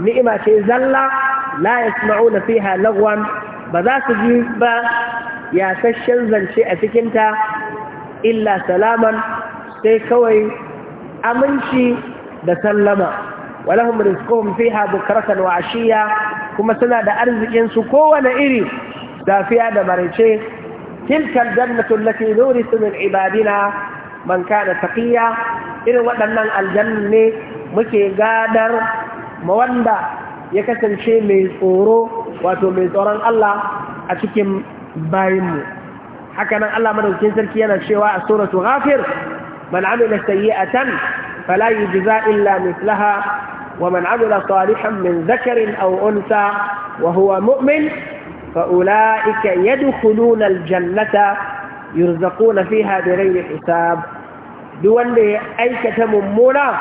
Speaker 1: ni'ima ce zalla la yasma'una fi lagwan ba za su ji ba yasashen zance a cikinta illa salaman sai kawai aminci da sallama walahum rizquhum fiha bukratan wa ashiya kuma suna da arzikin su kowane iri zafiya da maraice tilkal jannatu allati nurisu min ibadina man kana taqiya irin waɗannan aljannan ne muke gadar ma wanda ya kasance mai tsoro wato mai tsoron Allah a cikin bayinmu haka nan Allah madaukakin sarki yana cewa a suratu ghafir man amila sayyi'atan فلا يجزى إلا مثلها ومن عمل صالحا من ذكر أو أنثى وهو مؤمن فأولئك يدخلون الجنة يرزقون فيها بغير حساب دون أي كتممونا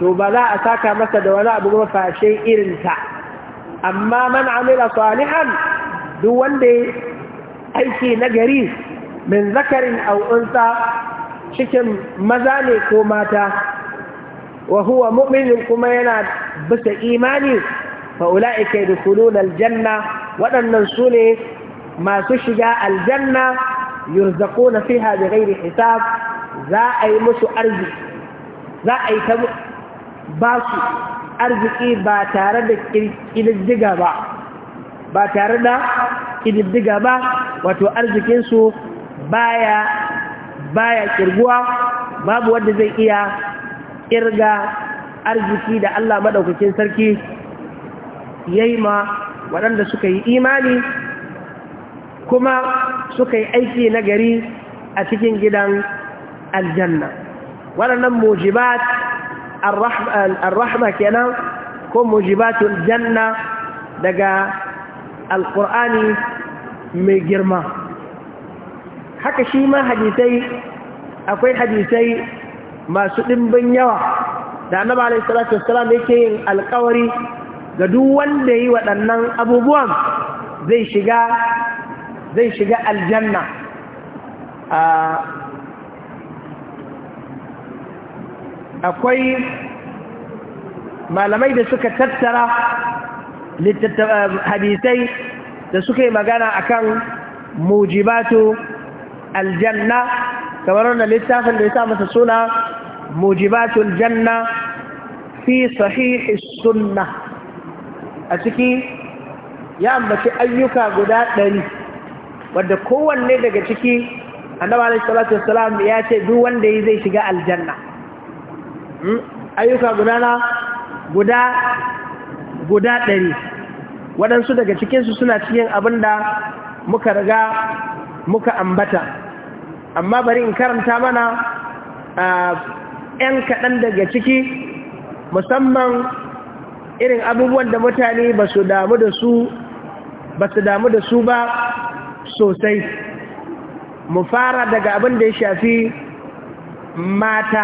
Speaker 1: تبلاء ساكا مسد ولا أبو شيء إرنتا أما من عمل صالحا دون شيء نجري من ذكر أو أنثى شكم مزاني كوماتا Wahuwa mu'minin kuma yana bisa imani fa ula'ika na aljanna waɗannan sune masu shiga aljanna yurzaquna fiha bighairi hisab za a yi musu arziki ba tare da kididdiga ba ba wato arzikinsu baya ƙirguwa babu wanda zai iya kirga arziki da Allah maɗaukakin sarki ya yi ma waɗanda suka yi imani kuma suka yi aiki na gari a cikin gidan aljanna waɗannan mujibat rahma kenan ko mujibatun janna daga alƙur'ani mai girma haka shi ma hadisai akwai hadisai masu ɗimbin yawa da annaba alaihi salatu wassalam yake yin alkawari ga duk wanda yi waɗannan abubuwan zai shiga zai shiga aljanna akwai malamai da suka tattara eh, hadisai da suka yi magana akan mujibatu aljanna kamar wannan littafin da ya sa masa suna mujibatul janna fi sahihi sunna a ciki ya ambaci ayyuka guda ɗari wadda kowanne daga ciki annabi alaihi salatu wassalam ya ce duk wanda yi zai shiga aljanna hmm? ayyuka guda na guda guda ɗari waɗansu daga cikinsu suna cikin abin da muka riga muka ambata amma bari in karanta mana ‘yan kaɗan daga ciki musamman irin abubuwan da mutane ba su damu da su ba su damu da su ba sosai mu fara daga abin da ya shafi mata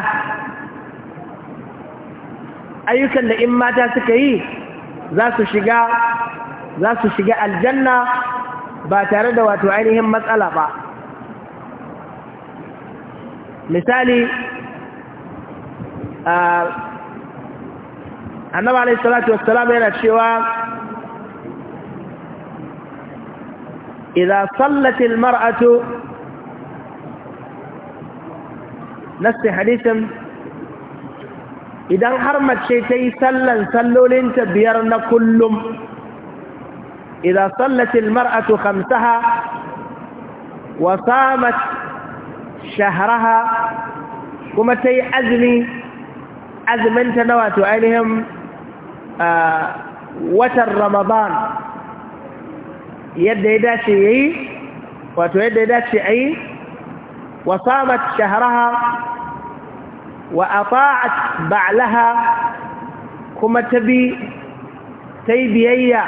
Speaker 1: ayyukan da in mata suka yi za su shiga za su shiga aljanna ba tare da wato ainihin matsala ba مثالي آه النبي عليه الصلاة والسلام إلى الشواء إذا صلت المرأة نفس حديث إذا حرمت شيتي سلا سلوا لنتبيرن كلهم إذا صلت المرأة خمسها وصامت
Speaker 2: shaharaha
Speaker 1: kuma ta yi azumi azuminta na wato ainihin watan ramadan yadda ya dace ya yi wato yadda ya dace a yi wasamat shaharaha wa ata'at ba'laha kuma ta bi ta yi biyayya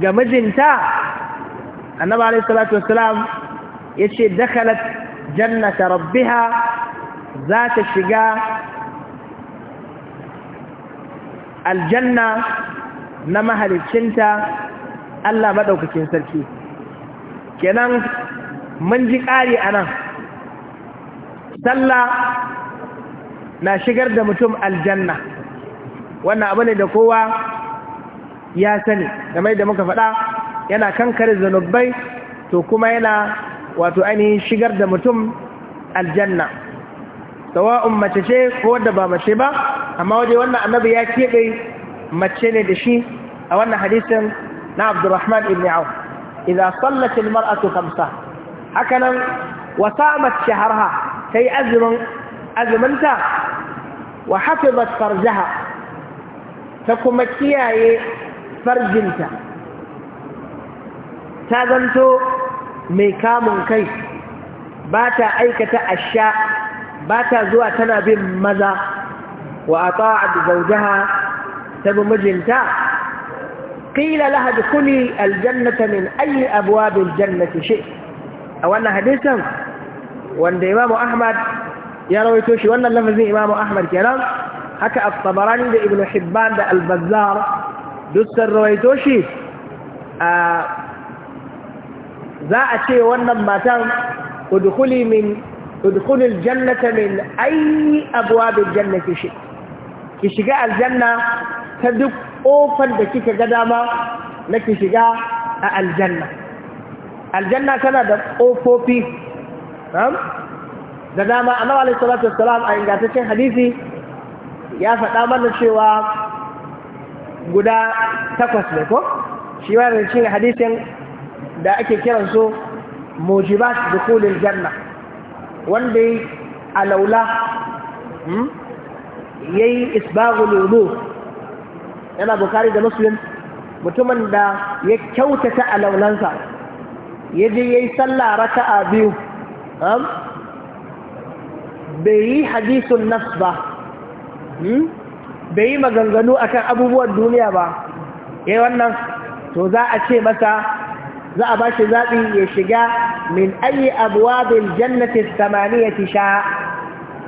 Speaker 1: ga mijinta annaba alaihi salatu salam ya ce dakalat jannata rabbiha za ta shiga aljanna na mahalicinta Allah maɗaukakin sarki kenan mun ji ƙari a nan sallah na shigar da mutum aljanna wannan abu ne da kowa ya sani mai da muka faɗa yana kankare zanubbai to kuma yana wato ainihin shigar da mutum aljanna sawa'un mace ce ko wadda ba mace ba amma waje wannan annabi ya keɓe mace ne da shi a wannan hadisin na abdurrahman ibn auf idan sallat almar'atu khamsa haka nan wa samat shaharha tai azumin azuminta wa hafizat farjaha ta kuma kiyaye farjinta ta zanto mai kamun kai ba ta aikata asha ba ta zuwa tana bin maza wa a ta'ad zaujaha ta bi mijinta qila laha dkhuli aljannata min ayi abwab aljannati shi a wannan hadisin wanda Imam Ahmad ya rawaito shi wannan lafazin Imam Ahmad kenan haka as-sabarani da ibnu Hibban da Al-Bazzar duk sun rawaito shi za a ce wannan matan udkhuli min udkhulil jannata min ayi abwabil jannati shi ki shiga aljanna ta duk kofar da kika ga dama na ki shiga a aljanna aljanna tana da kofofi da dama annabi alaihi salatu wassalam a ingantaccen hadisi ya faɗa mana cewa guda takwas ne ko shi ma da shi hadisin da ake kiran su mujibat dukulil janna wanda yi alaula hmm? ya yi isbaghul wudu yana bukari da muslim mutumin da ya kyautata alaulansa ya je ya yi sallah a biyu bai yi hadisun nas ba hmm? bai yi maganganu akan abubuwan duniya ba ya wannan to za a ce masa za a bashi zaɓi ya shiga min ayi abwabil jannati samaniyati sha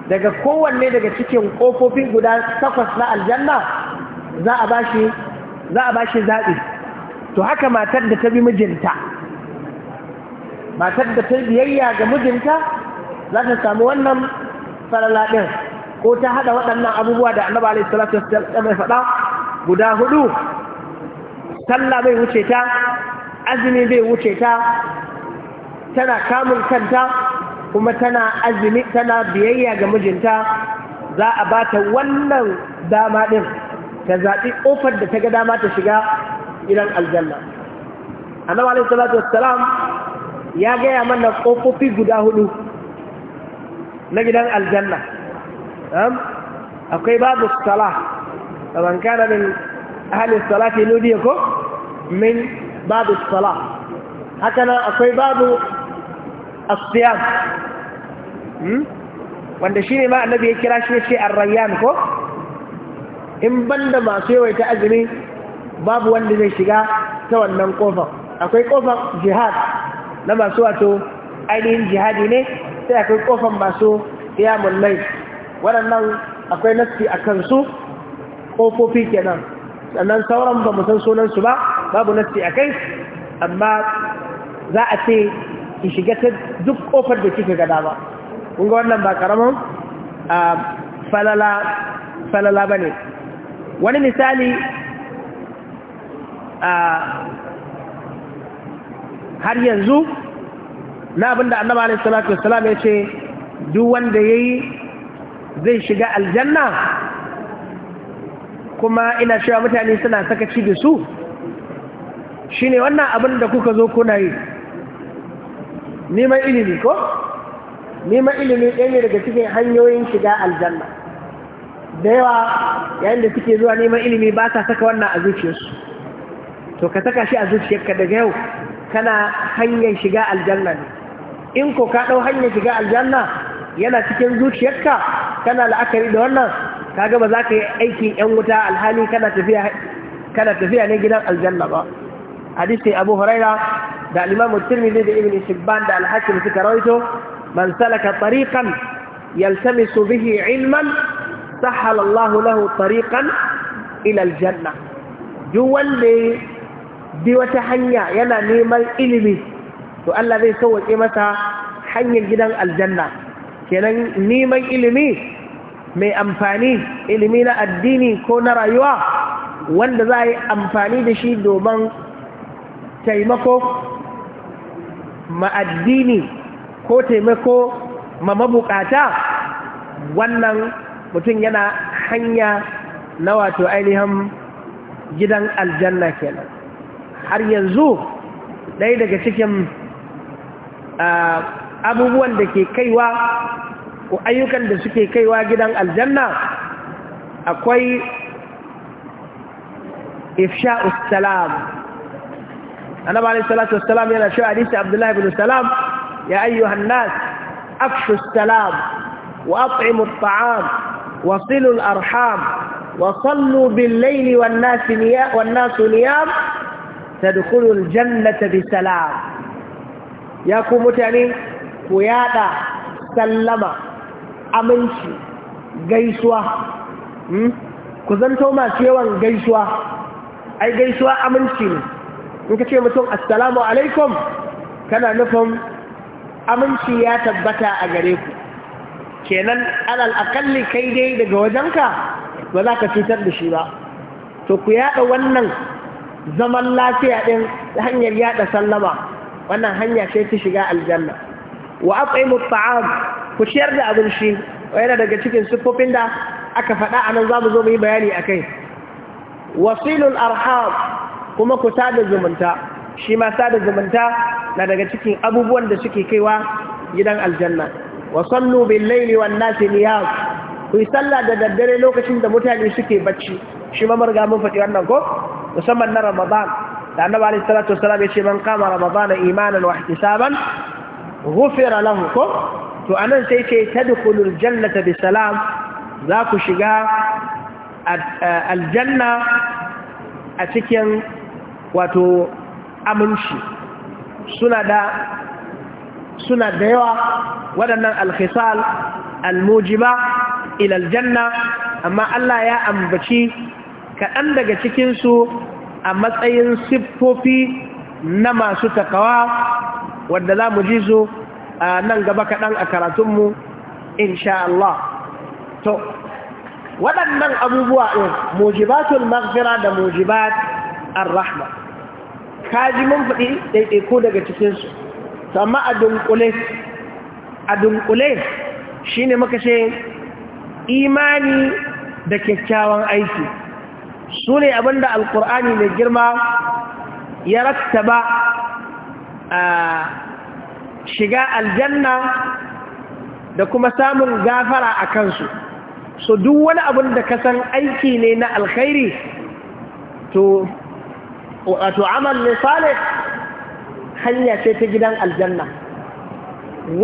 Speaker 1: daga kowanne daga cikin ƙofofi guda takwas na aljanna za a bashi za zaɓi to haka matar da ta bi mijinta matar da ta biyayya ga mijinta za ta samu wannan farala ko ta haɗa waɗannan abubuwa da annabi alaihi salatu wasallam ya guda hudu sallah bai wuce ta azumi bai wuce ta tana kamun kanta kuma tana azumi tana biyayya ga mijinta za a ba ta wannan dama ɗin ta zaɓi ƙofar da ta ga dama ta shiga gidan aljanna annabi alaihi salatu wassalam ya gaya mana ƙofofi guda hudu na gidan aljanna akwai babu salah da man kana min ahli salati nudiya ko min babu sala haka nan akwai babu asiyam hmm? wanda shi ne ma annabi ya kira shi ce arrayyan ko in banda masu yawaita azumi babu wanda zai shiga ta wannan kofar akwai kofar jihad na masu wato ainihin jihadi ne sai akwai kofar masu yamun lai waɗannan akwai nassi a kansu ƙofofi kenan sannan sauran ba mu san sunansu ba babu nasti a kai amma za a ce ki shiga ta duk kofar da kika gada ba kun ga wannan ba karamin falala ba ne wani misali har yanzu na abinda annaba alaihi salatu wassalam ya ce duk wanda yayi zai shiga aljanna kuma ina cewa mutane suna sakaci da su Shi ne wannan abin da kuka zo kuna yi neman ilimi ko neman ilimi ɗaya ne daga cikin hanyoyin shiga aljanna da yawa yayin da suke zuwa neman ilimi ba sa saka wannan a zuciyarsu to ka saka shi a zuciyarka daga yau kana hanyar shiga aljanna ne in ko ka ɗau hanyar shiga aljanna yana cikin zuciyarka kana la'akari da wannan ka ba za ka yi aikin ‘yan wuta alhali kana tafiya ne gidan aljanna ba hadisi abu huraira da alimamu tirmidhi da ibn shibban da alhakim suka rawaito man salaka tariqan su bihi ilman sahalallahu Allah lahu tariqan ila aljanna duk wanda bi wata hanya yana neman ilimi to Allah zai sauwaƙe masa hanyar gidan aljanna kenan neman ilimi mai amfani ilimi na addini ko na rayuwa wanda za a yi amfani da shi domin taimako ma ko taimako ma mabukata wannan mutum yana hanya na wato ainihin gidan aljanna kenan har yanzu ɗaya daga cikin ah, abubuwan da ke kaiwa ko ayyukan da suke kaiwa gidan aljanna akwai ifsha'us salam annabi alayhi salatu wassalam yana cewa hadisi abdullahi ibn salam ya ayyuhan nas afshu salam wa at'imu at'am wa silu arham wa sallu bil-layli wan-nas niyam tadkhulu al-jannata bi-salam ya ku mutane ku yada sallama aminci gaisuwa hmm? ku zanto masu yawan gaisuwa ai gaisuwa aminci ne in ka ce mutum assalamu alaikum kana nufin aminci ya tabbata a gare ku kenan alal akalli kai dai daga wajenka ba za ka cutar da shi ba to ku yada wannan zaman lafiya ɗin ta hanyar yada sallama wannan hanya ce ta shiga aljanna wa aqimu ta'am ku ciyar da abin shi yana daga cikin siffofin da aka faɗa a nan za mu zo mu yi bayani a kai wasilul arham kuma ku sada zumunta shi ma sada zumunta na daga cikin abubuwan da suke kaiwa gidan aljanna wa sallu bil laili wan nasi niyam ku sallah da daddare lokacin da mutane suke bacci shi ma marga mun faɗi wannan ko musamman na ramadan da annabi alaihi salatu ya ce man qama ramadan imanan wa ihtisaban ghufira lahu ko to anan sai ce tadkhulul jannata bisalam za ku shiga aljanna a cikin wato aminci suna da suna da yawa waɗannan alkhisal almujiba ila aljanna amma Allah ya ambaci kaɗan daga cikinsu a matsayin siffofi na masu takawa wadda za mu ji su A nan gaba kaɗan a karatunmu insha Allah to waɗannan abubuwa ɗin mujibatul maghfira da mujibat ar-rahma kaji mun faɗi ko daga cikinsu to amma a dunkule a dunkule shi ne muka ce imani da kyakkyawan aiki su ne abinda alkur'ani mai girma ya rattaba a shiga aljanna da kuma samun gafara a kansu so duk wani abin da ka san aiki ne na alkhairi to wato amal ne salih hanya ce ta gidan aljanna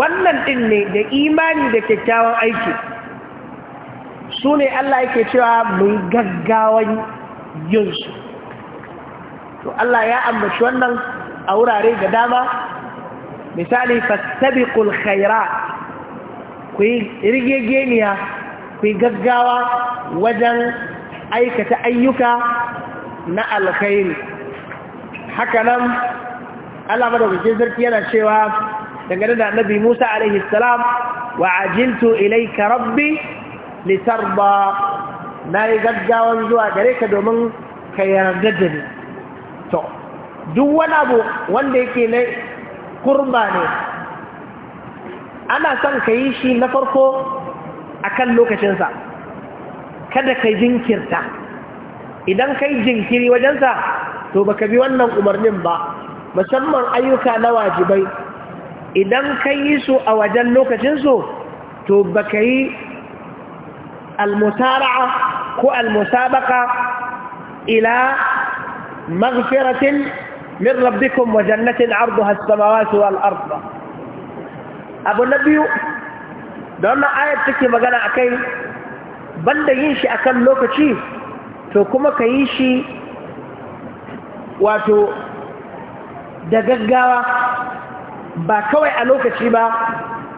Speaker 1: wannan din ne da imani da kyakkyawan aiki su ne Allah yake cewa mai gaggawan yinsu to Allah ya ambaci wannan a wurare da dama misali fastabiqul khairat ku yi rigegeniya ku gaggawa wajen aikata ayyuka na alkhairi hakanan Allah madaukakin sarki yana cewa dangane da annabi Musa alaihi salam wa ajiltu ilayka rabbi litarda nayi gaggawan zuwa gare ka domin ka yarda da ni to duk wani abu wanda yake kurma ne ana son ka yi shi na farko a kan lokacinsa kada ka jinkirta idan ka yi jinkiri wajensa to ba ka bi wannan umarnin ba musamman ayyuka na wajibai idan ka yi su a wajen lokacinsu to ba ka yi almusara'a ko almusabaka ila maghfiratin min rabbikum wa jannatin arduha as-samawati wal ardh abu na biyu da wannan ayat take magana akai banda yin shi akan lokaci to kuma ka yi shi wato da gaggawa ba kawai a lokaci ba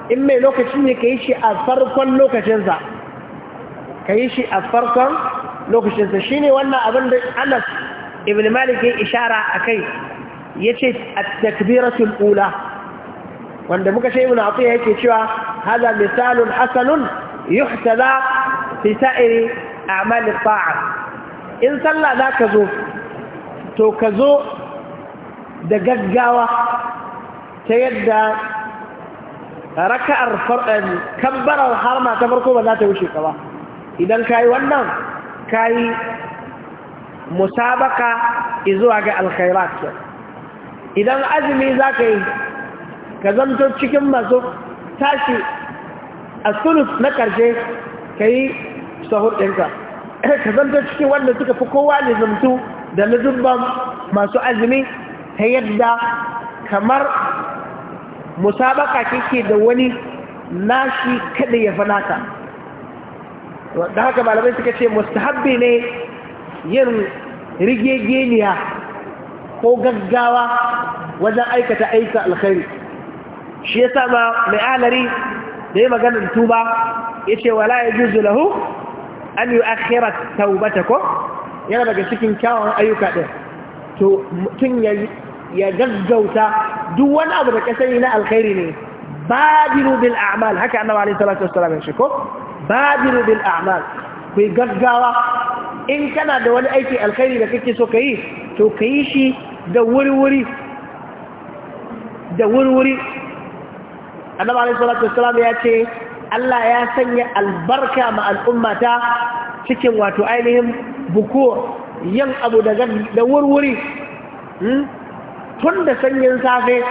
Speaker 1: in mai lokaci ne ka yi shi a farkon lokacinsa ka shi ne wannan abin da anas ibn malik ya ishara a kai yace at-takbiratul ula wanda muka sai ibnu atiya yake cewa hada misalun hasanun yuhtada fi sa'iri a'mal at-ta'a in sallah zaka zo to ka zo da gaggawa ta yadda raka'ar farɗin kabbarar harma ta farko ba za ta wuce ka ba idan kayi wannan kayi musabaka izuwa ga alkhairat idan azumi za ka yi ka zanto cikin masu tashi a sulus na karshe ka yi sahur ɗinka (clears throat) ka zanto cikin wanda suka fi kowa nizamtu da nizubban masu azumi ta yadda kamar musabaka kike da wani nashi kada ya fanata da haka malamai suka ce mustahabbi ne yin rigegeniya ko gaggawa wajen aikata aika alkhairi shi yasa ma mai alari da yi maganar tuba ya ce wala ya juzu lahu an yi akhira taubata ko yana daga cikin kyawun ayyuka ɗin to mutum ya gaggauta duk wani abu da kasani na alkhairi ne badiru bil a'mal haka annabi alayhi salatu wassalam shi ko badiru bil a'mal ku gaggawa in kana da wani aiki alkhairi da kake so kai to kai shi da wuri-wuri da wuri-wuri annabi alaihi salatu ya ce Allah ya sanya albarka ma al'ummata cikin wato ainihin bukuwa yin abu da wurwuri hmm? tun da sanyin safe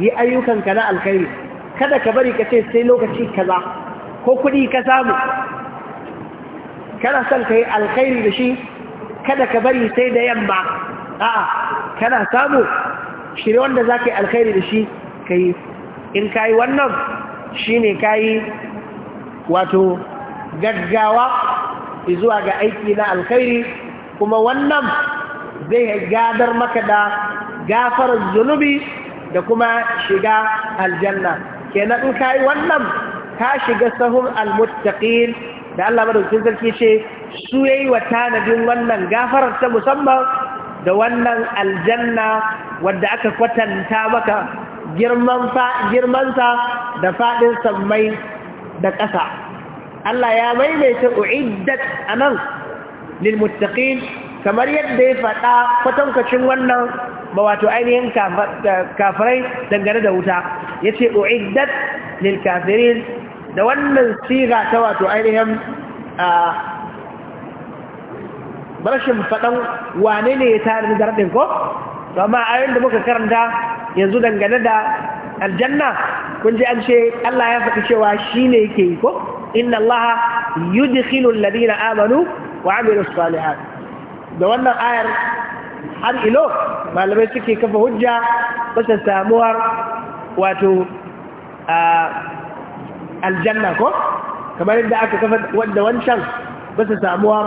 Speaker 1: yi ayyukanka na alkhairi kada ka bari ka ce sai lokaci kaza ko kuɗi ka samu kana son ka yi alkhairi da shi kada ka bari sai da yamma a'a kana samu shirye wanda za ka yi alkhairi da shi ka yi in ka yi wannan shi ne ka yi wato gaggawa zuwa ga aiki na alkhairi kuma wannan zai gadar maka da gafar zunubi da kuma shiga aljanna kenan in ka yi wannan ka shiga sahun almuttaqin da Allah madaukakin sarki ce su yayi wa tanadin wannan gafarar ta musamman da wannan aljanna wadda aka kwatanta maka girmansa da faɗin sammai da ƙasa Allah ya maimaita u'iddat anan lilmuttaqin kamar yadda ya faɗa kwatankacin wannan ba wato ainihin kafirai dangane da wuta ya ce u'iddat lilkafirin da wannan siga ta wato ainihin ah, rashin faɗan wane ne ya tare da zarɗin ko amma yin da muka karanta yanzu dangane da aljanna kun ji an ce Allah ya faɗi cewa shi ne yake yi ko inna Allah yudkhilu ladina amanu wa su salihat da wannan ayar har ilo malamai suke kafa hujja basa samuwar wato aljanna ko kamar yadda aka kafa wadda wancan basa samuwar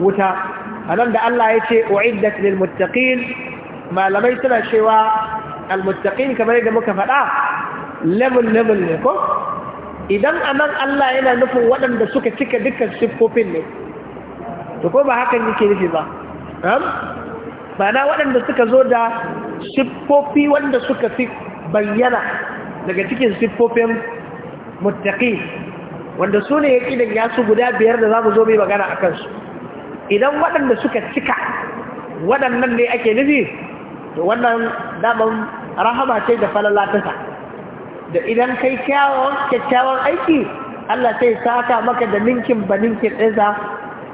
Speaker 1: wuta a nan da Allah ya ce uiddat lil muttaqin malamai suna cewa al muttaqin kamar yadda muka faɗa level level ne ko idan a nan Allah yana nufin waɗanda suka cika dukkan siffofin ne to ko ba hakan yake nufi ba ba na waɗanda suka zo da siffofi wanda suka fi bayyana daga cikin siffofin muttaqi wanda su ne ya ƙidan yasu guda biyar da za mu zo mai magana a kansu idan waɗanda suka cika waɗannan ne ake nufi to wannan daban rahama ce da falala ta da idan kai kyakkyawan aiki Allah sai saka maka da ninkin ba ninkin ɗinsa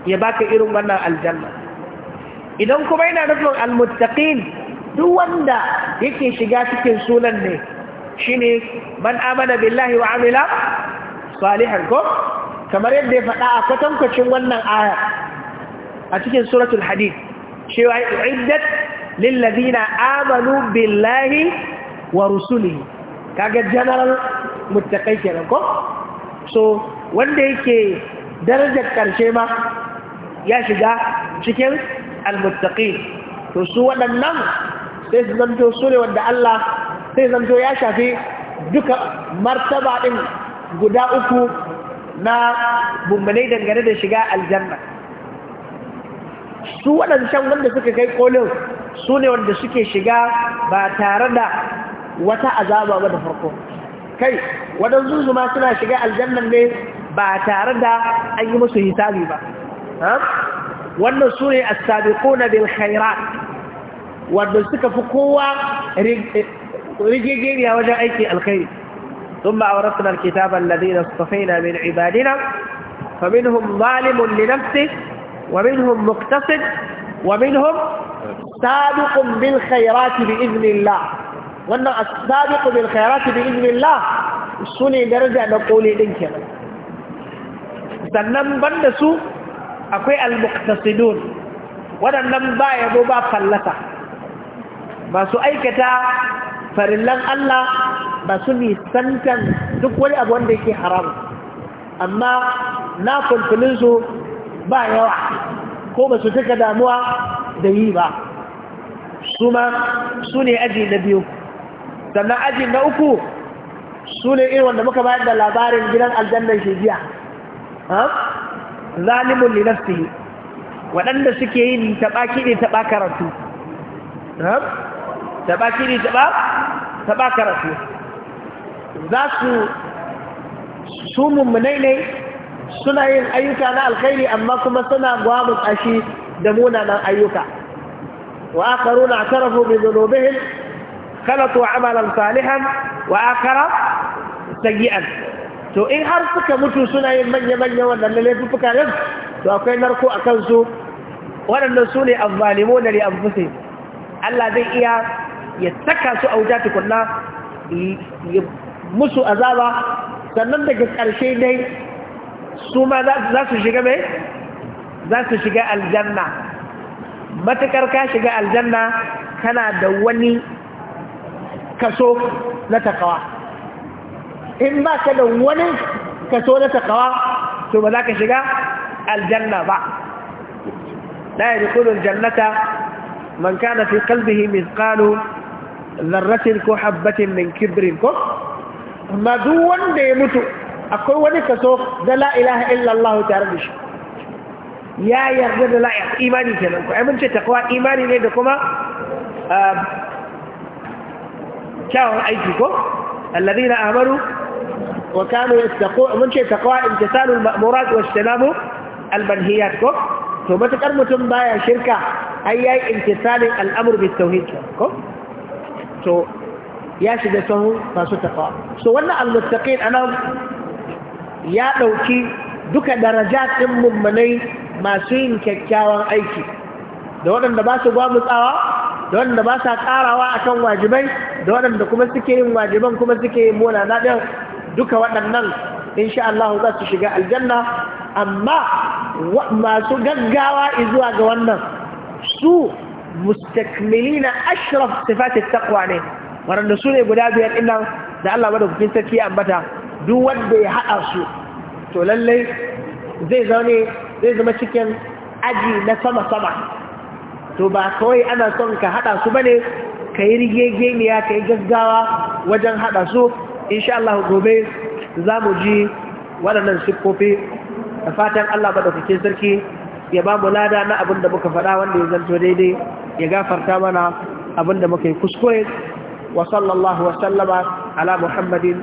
Speaker 1: ya baka irin wannan aljanna idan kuma yana nufin almuttaqin duk wanda yake shiga cikin sunan ne shine man amana billahi wa amila salihan ko kamar yadda ya faɗa a kwatankwacin wannan aya a cikin suratul hadid cewa iddat lillazina amanu billahi wa rusulihi kaga general muttaqai kenan ko so wanda yake darajar karshe ma ya shiga cikin almuttaqin to su waɗannan sai su zanto su ne wanda Allah sai zanto ya shafi duka martaba ɗin guda uku na bumbanai dangane da shiga aljanna su waɗancan wanda suka kai kolin su ne wanda suke shiga ba tare da wata azaba ba da farko kai waɗansu su ma suna shiga aljannan ne ba tare da an yi musu hisabi ba wannan su ne a sabiƙo na bil khairat wanda suka fi kowa rigegeniya wajen aiki alkhairi ثم أورثنا الكتاب الذين اصطفينا من عبادنا فمنهم ظالم لنفسه ومنهم مقتصد ومنهم سابق بالخيرات بإذن الله وأن السابق بالخيرات بإذن الله سني درجة نقولي لنك sannan ban da su akwai al-muqtasidun waɗannan ba yabo ba fallasa masu aikata farillan Allah ba su nisantan duk wani abu wanda yake haramu amma na fulfilinsu ba yawa ko ba su cika damuwa da yi ba su ma su ne aji na biyu sannan aji na uku su ne irin wanda muka bayar da labarin gidan aljannan shejiya zalimun linafsihi waɗanda suke yin taɓa kiɗi taɓa karatu taɓa kiɗi taɓa karatu za su su mummunai ne suna yin ayyuka na alkhairi amma kuma suna gwamus ashi da munanan ayyuka wa akaruna atarafu bi dhunubihim khalatu amalan salihan wa akara to in har suka mutu suna yin manya manya wannan laifuka din to akwai narko a kansu waɗannan su ne azzalimuna li anfusihim Allah zai iya ya saka su a wuta tukunna musu azaba sannan daga ƙarshe dai su ma za su shiga mai za su shiga aljanna matukar ka shiga aljanna kana da wani kaso na takawa in ba ka da wani kaso na takawa to ba za ka shiga aljanna ba na yi yadkhulul jannata man kana fi qalbihi mithqalu dharratin ko habbatin min kibrin ko amma duk wanda ya mutu akwai wani kaso da la ilaha illallah tare da shi ya yarda da la'iya imani ke kenan ku amince takwa imani ne da kuma kyawun aiki ko allazi na amaru wa kanu yattaqu mun ce takwa imtisalul ma'murat wa ijtinabu almanhiyat ko to matakar mutum baya shirka ai yayi imtisalin al'amr bit tauhid ko to ya shiga sun masu takwa so wannan almuttaqin anan ya ɗauki duka daraja ɗin mummunai masu yin kyakkyawan aiki da waɗanda ba su gwamutsawa da waɗanda ba sa ƙarawa a kan wajibai da waɗanda kuma suke yin wajiban kuma suke yin mona na ɗin duka waɗannan sha Allah za su shiga aljanna amma masu gaggawa zuwa ga wannan su mustakmilina ashraf sifatit taqwa ne waɗanda su ne guda biyar ɗin nan da Allah madaukakin sarki ambata duk wanda ya haɗa su to lallai zai zaune zai zama cikin aji na sama-sama to ba kawai ana son ka haɗa su ne ka yi rigegeniya ka yi gaggawa wajen haɗa su insha Allah gobe za mu ji waɗannan siffofi da fatan Allah maɗaukakin sarki ya ba mu lada na abin da muka faɗa wanda ya zanto daidai ya gafarta mana abin da muka yi kuskure wa sallallahu wa sallama ala muhammadin